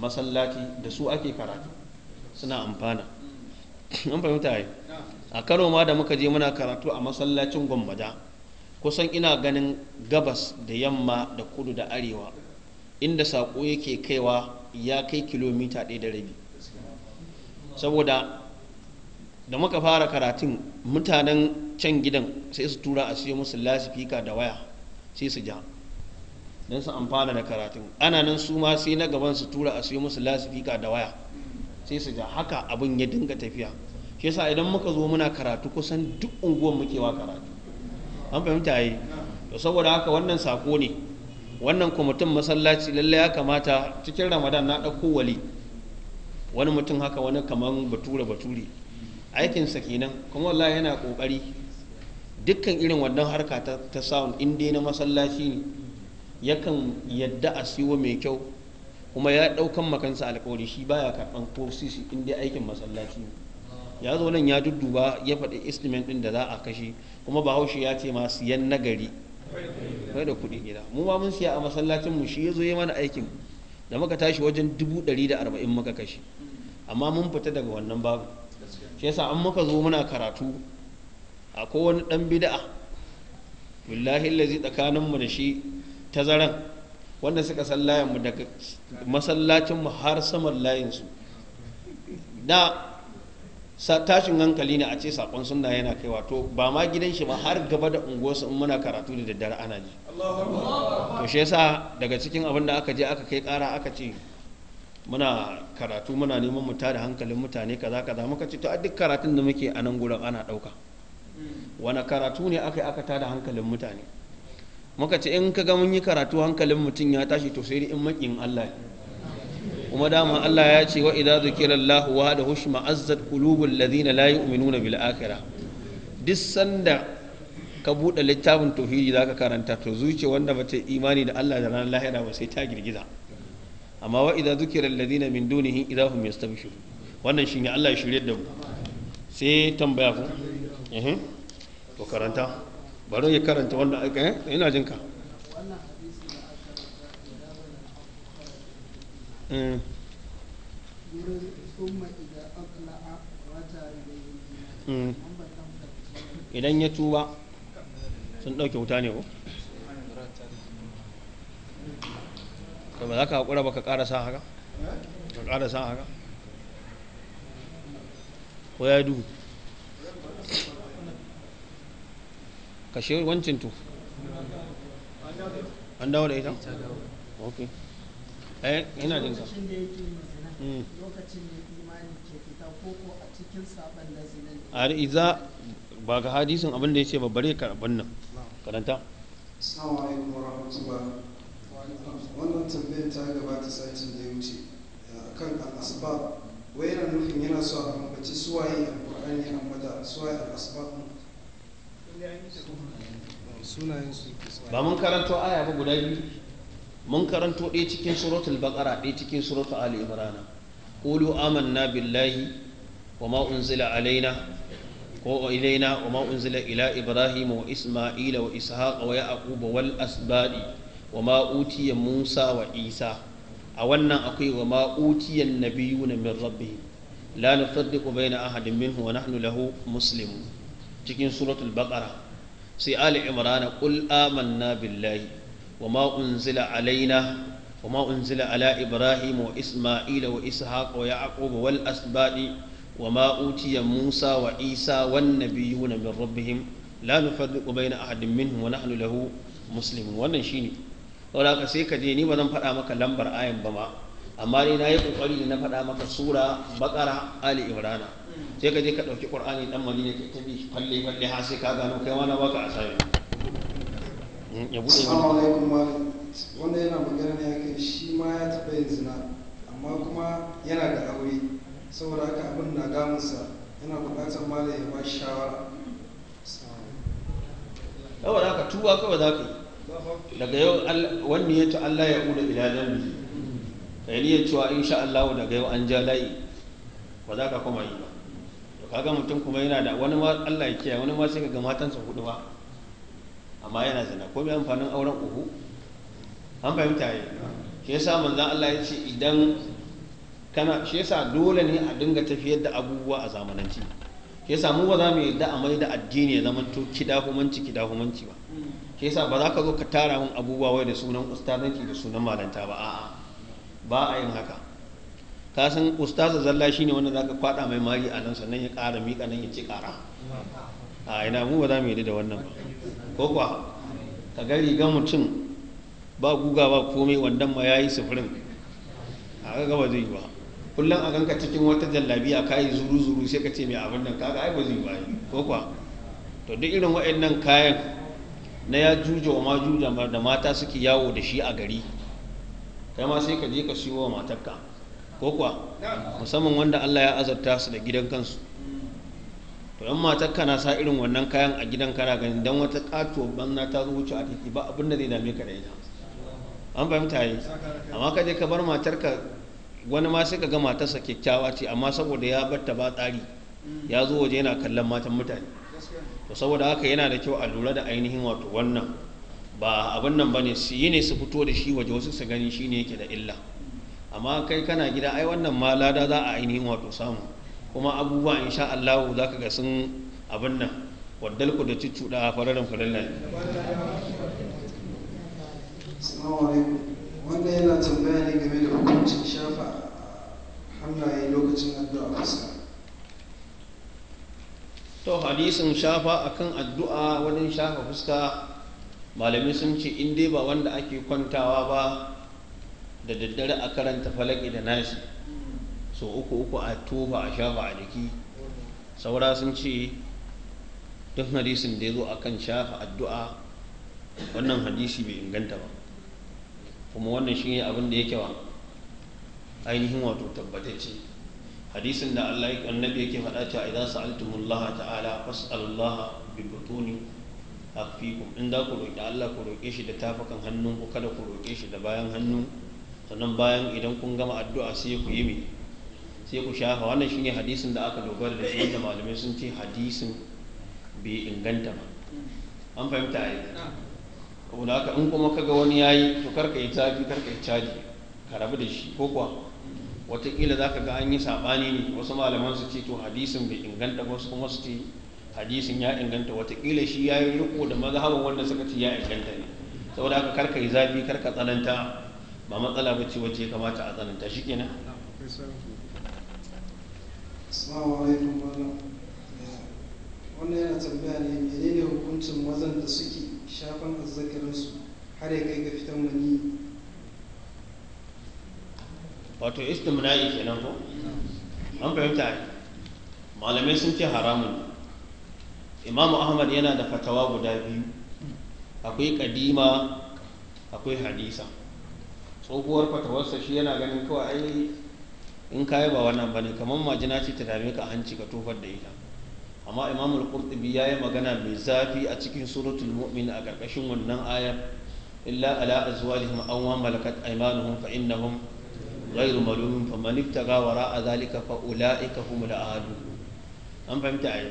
masallaci da su ake karatu suna amfana an fahimta yi a kano ma da muka je muna karatu a masallacin gwambada kusan ina ganin gabas da yamma da kudu da arewa inda saƙo yake kaiwa ya kai kilomita ɗaya da rabi saboda da muka fara karatun mutanen can gidan sai su tura a siyo musu lasifika da waya sai su ja don su amfana da karatun ana nan su ma sai na gaban su tura a siyo musu lasifika da waya sai su ja haka abin ya dinga tafiya shi yasa idan muka zo muna karatu kusan duk unguwar muke wa karatu an fahimta yi to saboda haka wannan sako ne wannan kwamitin masallaci lalle ya kamata cikin ramadan na ɗauko wali wani mutum haka wani kaman bature bature aikinsa kenan kuma wallahi yana kokari dukkan irin wannan harka ta sound in dai na masallaci ne yakan yadda a siyo mai kyau kuma ya ɗaukan makansa alkawari shi baya karban ko sisi in dai aikin masallaci ne ya zo nan ya dudduba ya faɗi estimate din da za a kashe kuma bahaushe ya ce ma siyan nagari kai da kuɗi gida mu ma mun siya a masallacin mu shi ya zo ya mana aikin da muka tashi wajen dubu ɗari da arba'in muka kashe amma mun fita daga wannan babu shi yasa an muka zo muna karatu a wani ɗan bida'a billahi lazi tsakanin mu da shi tazaran wanda suka san layin mu daga masallacin har saman layin da tashin hankali ne a ce saƙon suna yana kai wato ba ma gidan shi ba har gaba da unguwarsu in muna karatu da daddare ana ji to shi yasa daga cikin abin da aka je aka kai ƙara aka ce muna karatu muna neman mu tada hankalin mutane kaza kaza muka ce to a duk karatun da muke a nan gurin ana ɗauka wani karatu ne aka yi aka tada hankalin mutane muka ce in ka ga mun yi karatu hankalin mutum ya tashi to sai in makin Allah ne kuma dama Allah ya ce wa idza zukira Allah hushma ma'azzat qulubul ladina la yu'minuna bil akhirah duk sanda ka buɗe littafin tauhidi zaka karanta to zuciya wanda bata imani da Allah da ranar lahira ba sai ta girgiza amma wa idza zukira alladhina min dunihi idza hum yastabshirun wannan shine Allah ya shirye da mu sai tambaya ku eh to karanta bari ya karanta wanda eh ina eh. Hmm. idan ya tuba sun ɗauke wuta ne ko to za ka haƙura ba ka ƙara sa haka ka ƙara sa haka ko ya duhu ka shi wancin to an dawo da ita ok eh yana jin ka lokacin da hmm. ke fita koko a cikin saban da a iza ba ga hadisin abinda ya ce ba bare ka nan karanta assalamu alaikum warahmatullahi wannan tambayar ta gabata satin da ya wuce eh, kan al'asbab wai yana nufin yana so a ambaci suwaye alƙur'ani a mata suwaye al'asbab ba mun karanto aya ba guda biyu mun karanto ɗaya cikin suratul baqara ɗaya cikin suratul ali imran qulu amanna billahi wa ma unzila alaina ko ilaina wa ma unzila ila ibrahim wa isma'ila wa ishaqa wa yaquba wal asbadi wa ma'utiyan musa wa isa a wannan akwai wa ma'utiyan na biyu na min rabbi la nufarriqu baina ahadin min wa nahnu lahu muslimu cikin suratul baqara sai ali imran qul amanna billahi wa ma unzila alaina wa ma unzila ala ibrahim wa isma'ila wa ishaq wa yaqub wal asbadi wa ma utiya musa wa isa wan nabiyuna min rabbihim la nufarriqu baina ahadin minhu wa nahnu lahu muslimun wannan shine wala ka sai ka je ni ba zan faɗa maka lambar ayin ba ma amma ni na yi ƙoƙari da na faɗa maka sura baƙara ali imrana sai ka je ka ɗauki ƙur'ani ɗan madina ka tabi falle falle ha sai ka gano kai ma na a asali hmm, ya buɗe assalamu alaikum wanda yana magana ne yake shi ma ya taɓa yin zina amma kuma yana da aure saboda haka abin na damunsa yana buƙatar malam ya ba shawara da haka tuba kawai za ka yi daga yau wani ya ci Allah ya ƙuda ila zambi ka yi cewa sha Allah daga yau an ja layi ba za ka kuma yi ba to kaga mutum kuma yana da wani ma Allah ya kiyaye wani ma sai ka ga matansa hudu ba amma yana zina ko mai amfanin auren uku an fahimta ya shi yasa manzan Allah ya ce idan kana shi yasa dole ne a dinga tafiyar da abubuwa a zamananci shi yasa mu ba za mu yarda a da addini ya to kidahumanci kidahumanci ba ke yasa ba za ka zo ka tara min abubuwa wai da sunan ustazanki da sunan malanta ba a'a ba a yin haka ka san ustaza zalla shine wanda zaka kwada mai mari a nan sannan ya ƙara miƙa nan ya ci ƙara a ina mu ba za mu yi da wannan ba ko kuwa ka ga riga mutum ba guga ba komai wandan ma yayi sufurin a ga ba zai yi ba kullum a ganka cikin wata jallabiya ka yi zuru zuru sai ka ce mai abin nan ga ai ba zai yi ba ko kuwa to duk irin waɗannan kayan na ya juja wa majuja da mata suke yawo da shi a gari kai ma sai ka je ka siyo wa matarka ko kuwa musamman wanda Allah ya azarta su da gidan kansu to yan matarka na sa irin wannan kayan a gidan kana ganin dan wata katuwa banna ta zo wuce a titi ba abin da zai dame ka da ita an fahimta yi amma ka je ka bar matarka wani ma sai ka ga matarsa kyakkyawa ce amma saboda ya bar ta ba tsari ya zo waje yana kallon matan mutane to saboda haka yana da kyau a lura da ainihin wato wannan ba abin nan bane su yi ne su fito da shi waje wasu su gani shine yake da illa amma kai kana gida ai wannan ma lada za a ainihin wato samu kuma abubuwa insha Allah za ka ga sun abin nan waddal ku da da fararen fararen nan Assalamu alaikum wanda yana tambaya ne game da hukuncin shafa hannaye lokacin addu'a fuska to hadisin shafa akan addu'a wani shafa fuska malamai sun ce in dai ba wanda ake kwantawa ba da daddare a karanta falaki da nashi so uku uku a toba a shafa a jiki saura sun ce duk hadisin da ya zo akan shafa addu'a wannan hadisi bai inganta ba kuma wannan shi ne abin da yake wa ainihin wato tabbatacce hadisin da Allah annabi yake faɗa cewa idan Allah ta'ala Allah bi butuni akfikum in da ku roƙi Allah ku roƙe shi da tafakan hannun ku kada ku roƙe shi da bayan hannu sannan bayan idan kun gama addu'a sai ku yi mi sai ku shafa wannan shine hadisin da aka dogara da shi wanda malamai sun ce hadisin bai inganta ba an fahimta ai da haka in kuma kaga wani yayi to karka yi tafi karka yi caji ka rabu da shi ko kuwa watakila za ka ga an yi saɓani ne wasu malaman su ce to hadisin bai inganta wasu kuma su ce hadisin ya inganta watakila shi ya yi riko da mazhaban wanda suka ce ya inganta ne saboda haka karka yi zafi karka tsananta ba matsala ba ce wacce ya kamata a tsananta shi kenan Assalamu alaikum malam. Eh, wannan yana tambaya ne menene hukuncin mazan da suke shafan azzakarinsu har ya kai ga fitan maniyi wato istimna'i kenan ko an fahimta ne malamai sun ce haramun imamu ahmad yana da fatawa guda biyu akwai kadima akwai hadisa tsohuwar fatawarsa shi yana ganin kawai ai in kayi ba wannan bane kamar majina ce ta dame ka hanci ka tofar da ita amma imamu al-qurtubi ya yi magana mai zafi a cikin suratul mu'min a karkashin wannan ayar illa ala azwajihim aw ma malakat aymanuhum fa innahum غير ملوم فمن ابتغى وراء ذلك فأولئك هم العادون an fahimta a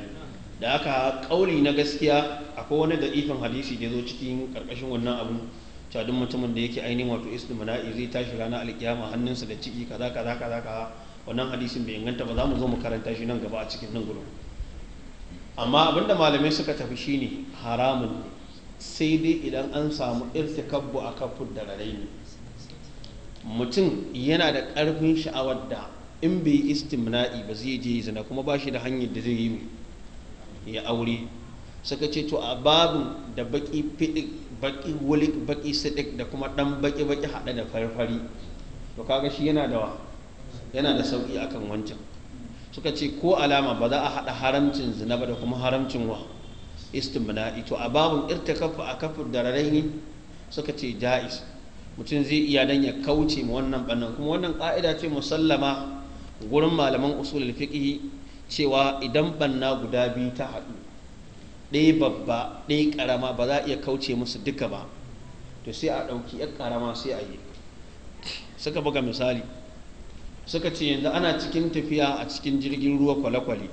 da aka kauli na gaskiya akwai wani da'ifin hadisi da zo cikin karkashin wannan abu cadin mutumin da yake ainihin wato mana'i zai tashi rana alkiyama hannunsa da ciki kaza kaza kaza kaza wannan hadisin bai inganta ba za mu zo mu karanta shi nan gaba a cikin nan gurin amma abinda malamai suka tafi shine haramun sai dai idan an samu irtikabbu a kafin da ne mutum yana da ƙarfin sha'awar da in bai yi istimna'i ba zai je zina kuma ba shi da hanyar da zai yi ya aure suka ce to a babin da baki fiɗi baki wuli baki sidik da kuma ɗan baki baki haɗe da farfari to kaga shi yana da wa? yana da sauƙi akan wancan suka ce ko alama ba za a haɗa haramcin zina ba da kuma haramcin wa istimna'i to a babin kafa a kafin da suka ce ja'is. mutum zai iya dan ya kauce ma wannan bannan kuma wannan ƙa'ida ce musallama gurin malaman usulul fiqh cewa idan banna guda biyu ta haɗu ɗaya babba ɗaya ƙarama ba za a iya kauce musu duka ba to sai a ɗauki ƴar ƙarama sai a yi suka buga misali suka ce yanzu ana cikin tafiya a cikin jirgin ruwa kwale-kwale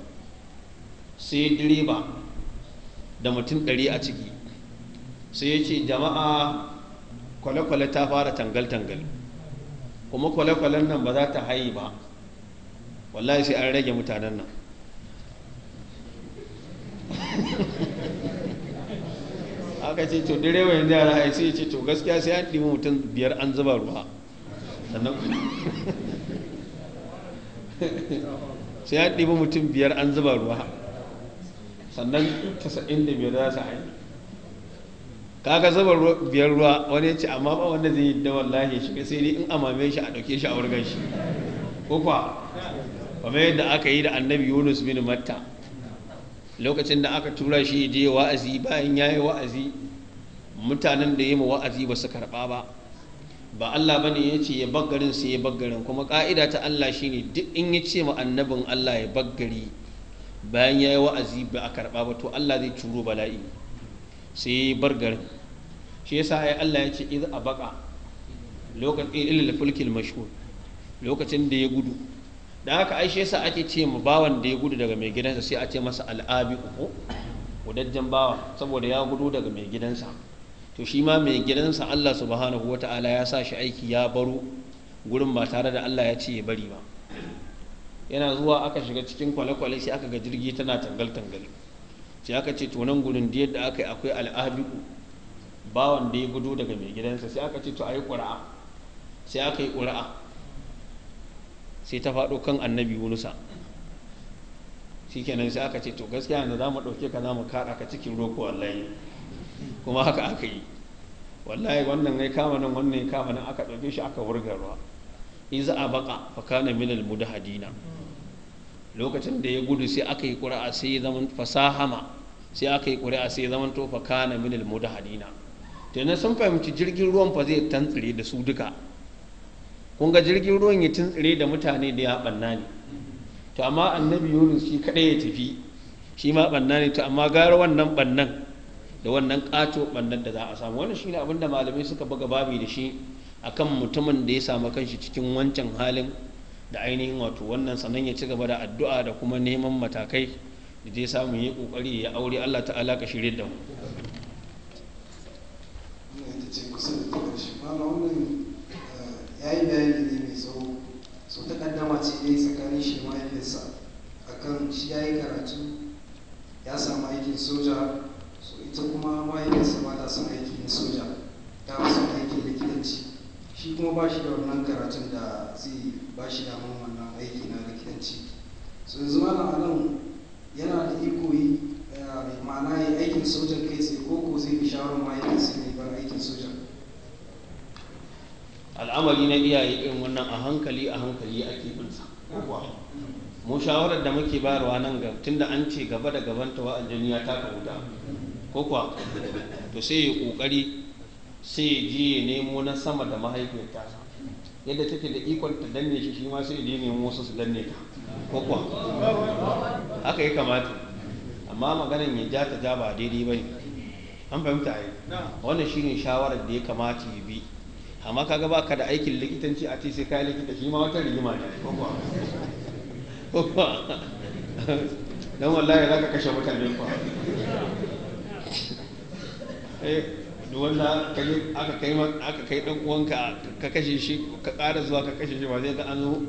sai direba da mutum ɗari a ciki sai ya ce jama'a kwale-kwale ta fara tangal-tangal kuma kwale-kwalen nan ba za ta hayi ba wallahi sai an rage mutanen nan aka ce to direba yanzu yara a sai ce to gaskiya sai an ɗi mutum biyar an zuba ruwa sannan sai an ɗi mutum biyar an zuba ruwa sannan 95 za su haihu kaga zabar biyar ruwa wani ya ce amma ba wanda zai yi da wallahi shi sai dai in amame shi a dauke shi a wurgan shi ko kuwa kamar yadda aka yi da annabi yunus bin matta lokacin da aka tura shi je wa'azi bayan ya yi wa'azi mutanen da ya yi wa'azi ba su karɓa ba ba Allah bane ya ce ya baggarin sai ya baggarin kuma ka'ida ta Allah shine duk in ya ce ma annabin Allah ya baggari bayan ya yi wa'azi ba a karɓa ba to Allah zai turo bala'i sai bar garin shi yasa ai Allah ya ce iz baka lokacin eh, mashhur lokacin da ya gudu da haka ai shi yasa ake ce mu bawan da ya gudu daga mai gidansa sai a ce masa al'abi uku bawa saboda ya gudu daga mai gidansa to shi ma mai gidansa Allah subhanahu wata'ala ya sa shi aiki ya baro gurin ba tare da Allah ya ce ya bari ba yana zuwa aka shiga cikin kwale-kwale sai aka ga jirgi tana tangal-tangal sai aka ce to nan gurin da yadda aka yi akwai al'abiu bawan da ya gudu daga mai gidansa sai aka ce to yi ƙura'a sai aka yi ƙura'a sai ta faɗo kan annabi Musa kenan sai aka ce to gaskiya yanzu za mu ɗauke ka za mu kaɗa ka cikin roko wallahi kuma haka aka yi wallahi wannan ya kama nan wannan ya kama nan aka ɗauke shi aka wurga ruwa za a baka fakana minal mudahadina lokacin da ya gudu sai aka yi ƙura'a sai ya zama fasahama sai aka yi ƙuri'a sai zaman tofa kana minil muda hadina to sun fahimci jirgin ruwan fa zai tantsire da su duka kun ga jirgin ruwan ya tantsire da mutane da ya banna ne to amma annabi yunus shi kadai ya tafi shi ma banna ne to amma gara wannan bannan da wannan kato bannan da za a samu wannan shine abin da malamai suka buga babu da shi akan mutumin da ya samu kanshi cikin wancan halin da ainihin wato wannan sanan ya ci gaba da addu'a da kuma neman matakai je samu yi kokari ya aure Allah ta'ala ka shirin da mu eh, yayi bayani ne mai tsawo so ta kaddama ce ne tsakanin shi mahaifinsa akan shi ya yi karatu ya samu aikin soja so ita kuma mahaifinsa ba ta son aikin soja ta wasu aikin likitanci shi kuma ba shi da wannan karatun da zai ba shi damar wannan aiki na likitanci so yanzu malam anan yana da iko yi eh, ma'ana ya aikin sojan kai sai ko ko zai fi shawarar ma yake sai ne bar aikin sojan al'amari na iyaye irin wannan a hankali a hankali ake bin sa mu shawarar da muke bayarwa nan ga tunda an ce gaba da gaban ta wa'annan ya taka wuta ko kuwa to sai ya kokari sai ya je ya nemo na sama da mahaifiyar tasa yadda take da ikon ta danne shi shi ma sai da nemi wasu su danne ta ko kuwa haka ya kamata amma maganin ya ja ta ja ba daidai bane an fahimta ai wannan shine shawarar da ya kamata ya bi amma kaga baka da aikin likitanci a ce sai kai likita shi ma wata rigima ne ko kuwa ko kuwa dan wallahi zaka kashe mutane kuwa duk wanda aka kai aka kai dan uwanka ka kashe shi ka ƙara zuwa ka kashe shi ba zai ga an zo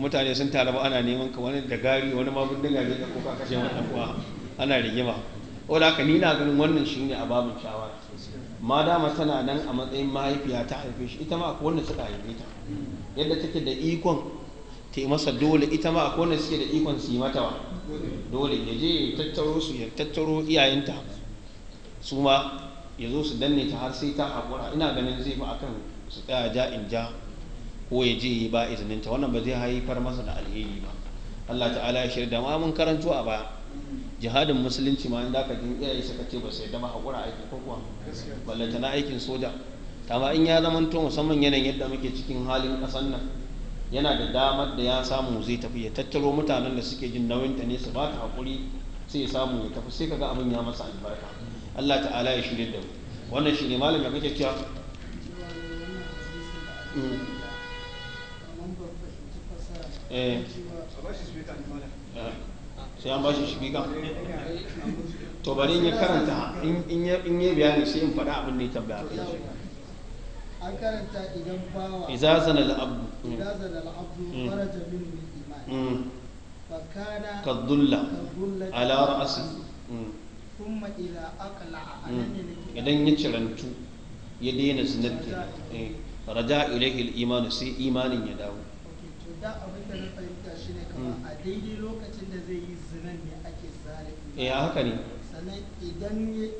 mutane sun tare ba ana neman ka wani da gari wani ma bindiga ne ka koka kashe wani dan uwa ana rigima ko da haka ni na ganin wannan shine a babin shawara ma dama tana nan a matsayin mahaifiya ta haife shi ita ma akwai wanda suka haife ta yadda take da ikon ta yi masa dole ita ma akwai wanda suke da ikon su yi mata wa dole ya je ya tattaro su ya tattaro iyayenta su ma ya zo su danne ta har sai ta haƙura ina ganin zai fi akan su tsaya ja in ja ko ya je ba izinin ta wannan ba zai haifar masa da alheri ba Allah ta'ala ya shirya ma mun karanto a baya jihadin musulunci ma inda ka gina iyaye suka ce ba sai dama haƙura aiki ko kuwa ballanta na aikin soja amma in ya zama to musamman yanayin yadda muke cikin halin ƙasar nan yana da damar da ya samu zai tafi ya tattaro mutanen da suke jin nauyin ta ne su ba ta haƙuri sai ya samu ya tafi sai ka ga abin ya masa albarka Allah ta'ala ya shirye da mu wannan shine malam ya kake cewa eh. sai an bashi shi bika to bari ya karanta in bayani sai in faɗa abin da ya tambaya kai an karanta idan bawa zana zana hmm. min al-iman hmm. fa kana ala ra'si hmm. Hmm. idan ya cirantu ya daina zinar da raja eh, ilaihi imanu sai imanin ya dawo da hmm. a daidai lokacin da zai yi zinan ne ake zare eh haka ne sannan idan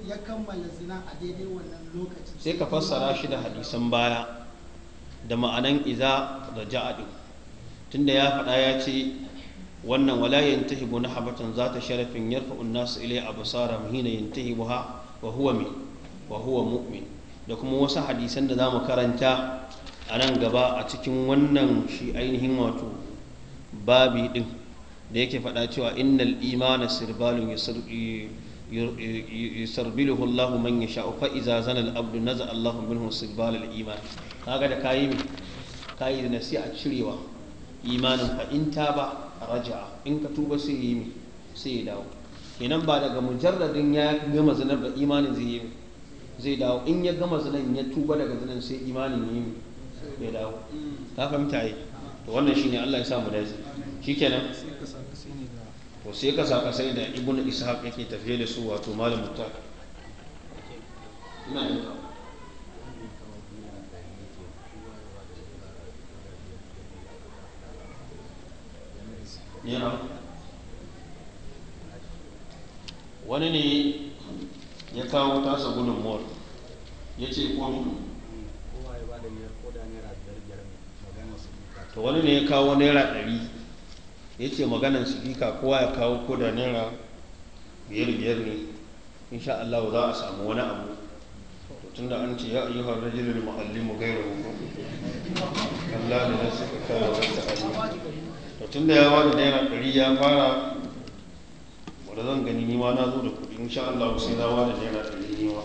ya kammala zina a daidai wannan lokacin sai ka fassara shi da hadisan baya da ma'anan iza da ja'adu tunda ya faɗa ya ce wannan wala yantahibu nahabatan zata sharafin yarfa'u an-nas ilay a hina yantahibuha wa huwa min wa huwa mu'min da kuma wasu hadisan da zamu karanta a nan gaba a cikin wannan shi ainihin wato babi din da yake faɗa cewa innal imana sirbalun yusarbiluhu Allah man yasha'u fa iza zana al-abdu naza Allah minhu sirbal al-iman kaga da kayi kayi nasiha cirewa imanin fa in ta a raja in ka tuba sai yi mi sai ya dawo kenan ba daga mujarradin ya gama zinar da imanin zai yi zai dawo in ya gama zinan ya tuba daga zinan sai imanin yi mi ya dawo ta fahimta yi to wannan shine Allah ya sa mu dace shikenan to sai ka saka sai da ibnu ishaq yake tafiye da su wato malam ta ina yin wani ne ya kawo tasa mor ya ce kun to wani ne ya kawo naira ɗari ya ce maganan sifika kowa ya kawo ko da naira biyar biyar ne insha Allah za a samu wani abu to tunda an ce ya ayyuhar rajulul muallimu ghayruhu Allah da nasu kawo wata ayyuka to tun da ya da naira ɗari ya fara wadda zan gani ni ma na zo da kuɗi insha Allah sai na bada naira ɗari ni ma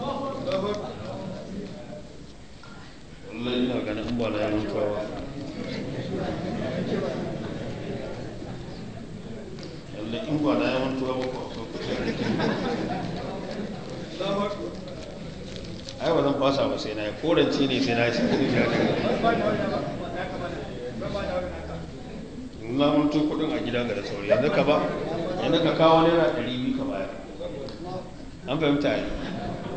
wallahi ina ganin in ba da yi kawa lalle in ba da yi mantuwa ba ko ai ba zan fasa ba sai na yi korance ne sai na yi sai in ma mun kudin a gida ga da sauri yanzu ka ba yanzu ka kawo naira ɗari biyu ka bayar an fahimta ne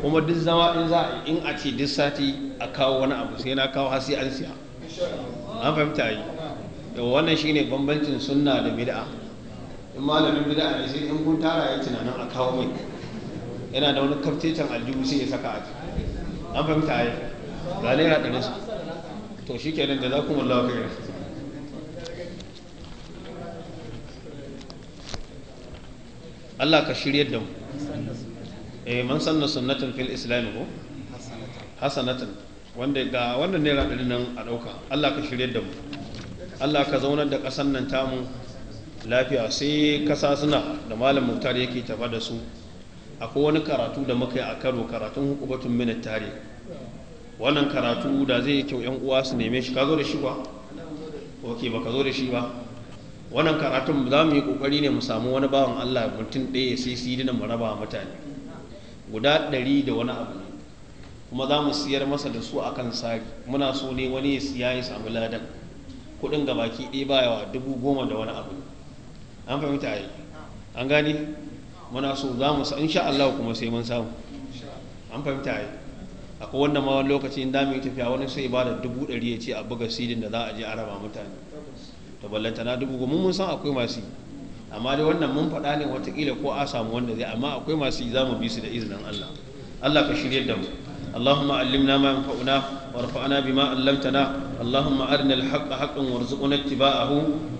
kuma duk zama in za in a ce duk sati a kawo wani abu sai na kawo hasi an siya an fahimta yi yau wannan shine bambancin sunna da bid'a in malamin bid'a ne sai in kun tara ya tunanin a kawo mai yana da wani kaftetan aljihu sai ya saka a an fahimta yi ga naira ɗari to shi kenan da za ku kuma lafiya Allah ka shiryar da mu eh man sanna sunnatan fil islam ko hasanatan wanda ga wannan naira rabin nan a ɗauka Allah ka shiryar da mu Allah ka zaunar da kasan nan ta mu. lafiya sai kasa suna da malam muktar yake tafa da su akwai wani karatu da muka yi a karo karatun hukubatun minat tare wannan karatu da zai kyau yan uwa su neme shi ka zo da shi ba ok ba ka zo da shi ba wannan karatun za mu yi kokari ne mu samu wani bawan Allah mutum ɗaya sai su yi mu raba mutane guda ɗari da wani abu ne kuma za mu siyar masa da su akan sari muna so ne wani ya siya ya samu ladan kuɗin gabaki ɗaya ba yawa dubu goma da wani abu ne an fahimta a yi an gani muna so za mu in sha Allah kuma sai mun samu an fahimta a yi akwai wanda ma wani lokaci in da mu tafiya wani sai ba da dubu ɗari ya ce a buga sidin da za a je a raba mutane da ballanta na dubu goma mun san akwai masu yi amma dai wannan mun faɗa ne watakila ko a samu wanda zai amma akwai masu yi za mu bi su da izinin Allah Allah ka shirye da mu اللهم علمنا ما ينفعنا وارفعنا بما علمتنا اللهم أرنا الحق حقا وارزقنا اتباعه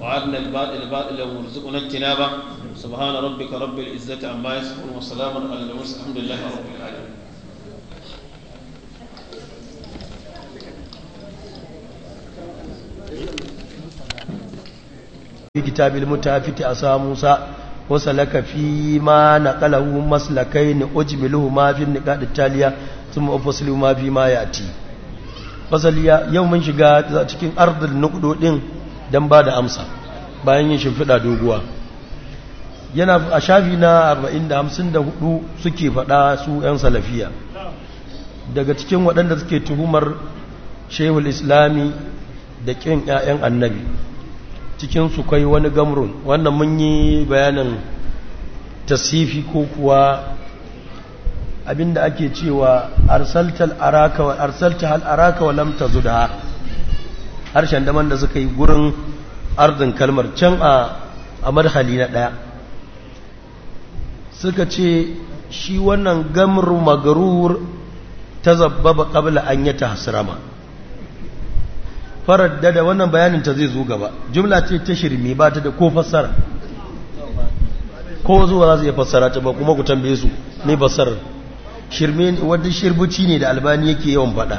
وأرنا الباطل باطلا وارزقنا اجتنابه سبحان ربك رب العزة عما يصفون وسلام على المرسلين الحمد لله رب العالمين fi kitabil mutafiti sa Musa wasa laka fi ma na maslakai maslakayn ujmiluhu ma fi da taliya thumma ufsilu ma fi ma ti. fasaliya yau mun shiga cikin ardul nukudodin don ba da amsa bayan yin shimfiɗa doguwa yana a shafi na 454 suke faɗa su yan salafiya daga cikin waɗanda suke tuhumar shehul islami da ƙin 'ya'yan annabi cikinsu kai wani gamrun wannan mun yi bayanin tasifi ko kuwa abinda ake cewa arsalta hal araka wa lam harshen daman da suka yi gurin ardin kalmar can a a marhali na ɗaya suka ce shi wannan gamru magarur ta zabbaba ƙabla an yi ta hasrama faraddada wannan bayanin ta zai zo gaba jumla ce ta shirme ba ta da ko fassara ko zuwa za su iya fassara ta ba kuma ku tambaye su ne fassara shirme wadda shirbuci ne da albani yake yawan faɗa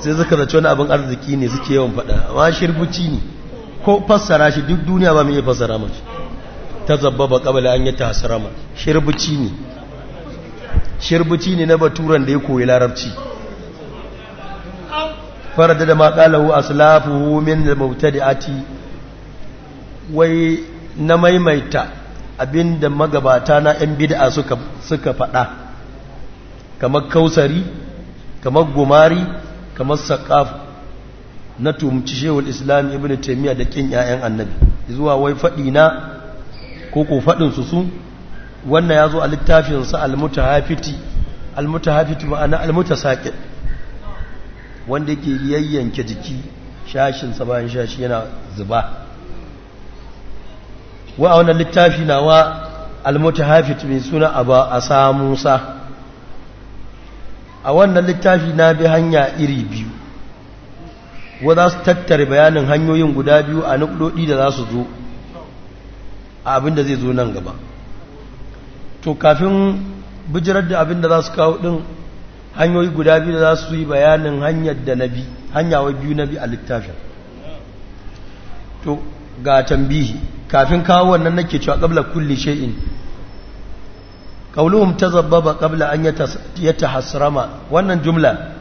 sai suka zace wani abin arziki ne suke yawan faɗa amma shirbuci ne ko fassara shi duk duniya ba mu iya fassara mace ta ba kabala an yi tasirama shirbuci ne shirbuci ne na baturan da ya koyi larabci farada da maƙalahu aslafuhu min da ati wai na maimaita abinda magabata na yan bid'a suka faɗa kamar kausari kamar gumari kamar saƙafu, na tumci shehul islam ibn ta'imiyya da kin yayan annabi zuwa wai faɗi na ko ko faɗin su sun wannan zo a littafinsu almuta hafiti mutahafiti al ma'ana almuta wanda yake yayyanke jiki shashinsa bayan shashi yana zuba wa a wannan littafi nawa almutahafit mai suna aba a samusa a wannan littafi na bi hanya iri biyu wa za su tattare bayanin hanyoyin guda biyu a nukdodi da za su zo a abinda zai zo nan gaba to kafin bijirar da abinda za su kawo din hanyoyi guda biyu za su yi bayanin hanyar da nabi hanyawa biyu nabi a littafin to ga tambihi kafin kawo wannan nake cewa kulle she'in shay'in ta zababa ƙabla an hasrama wannan jumla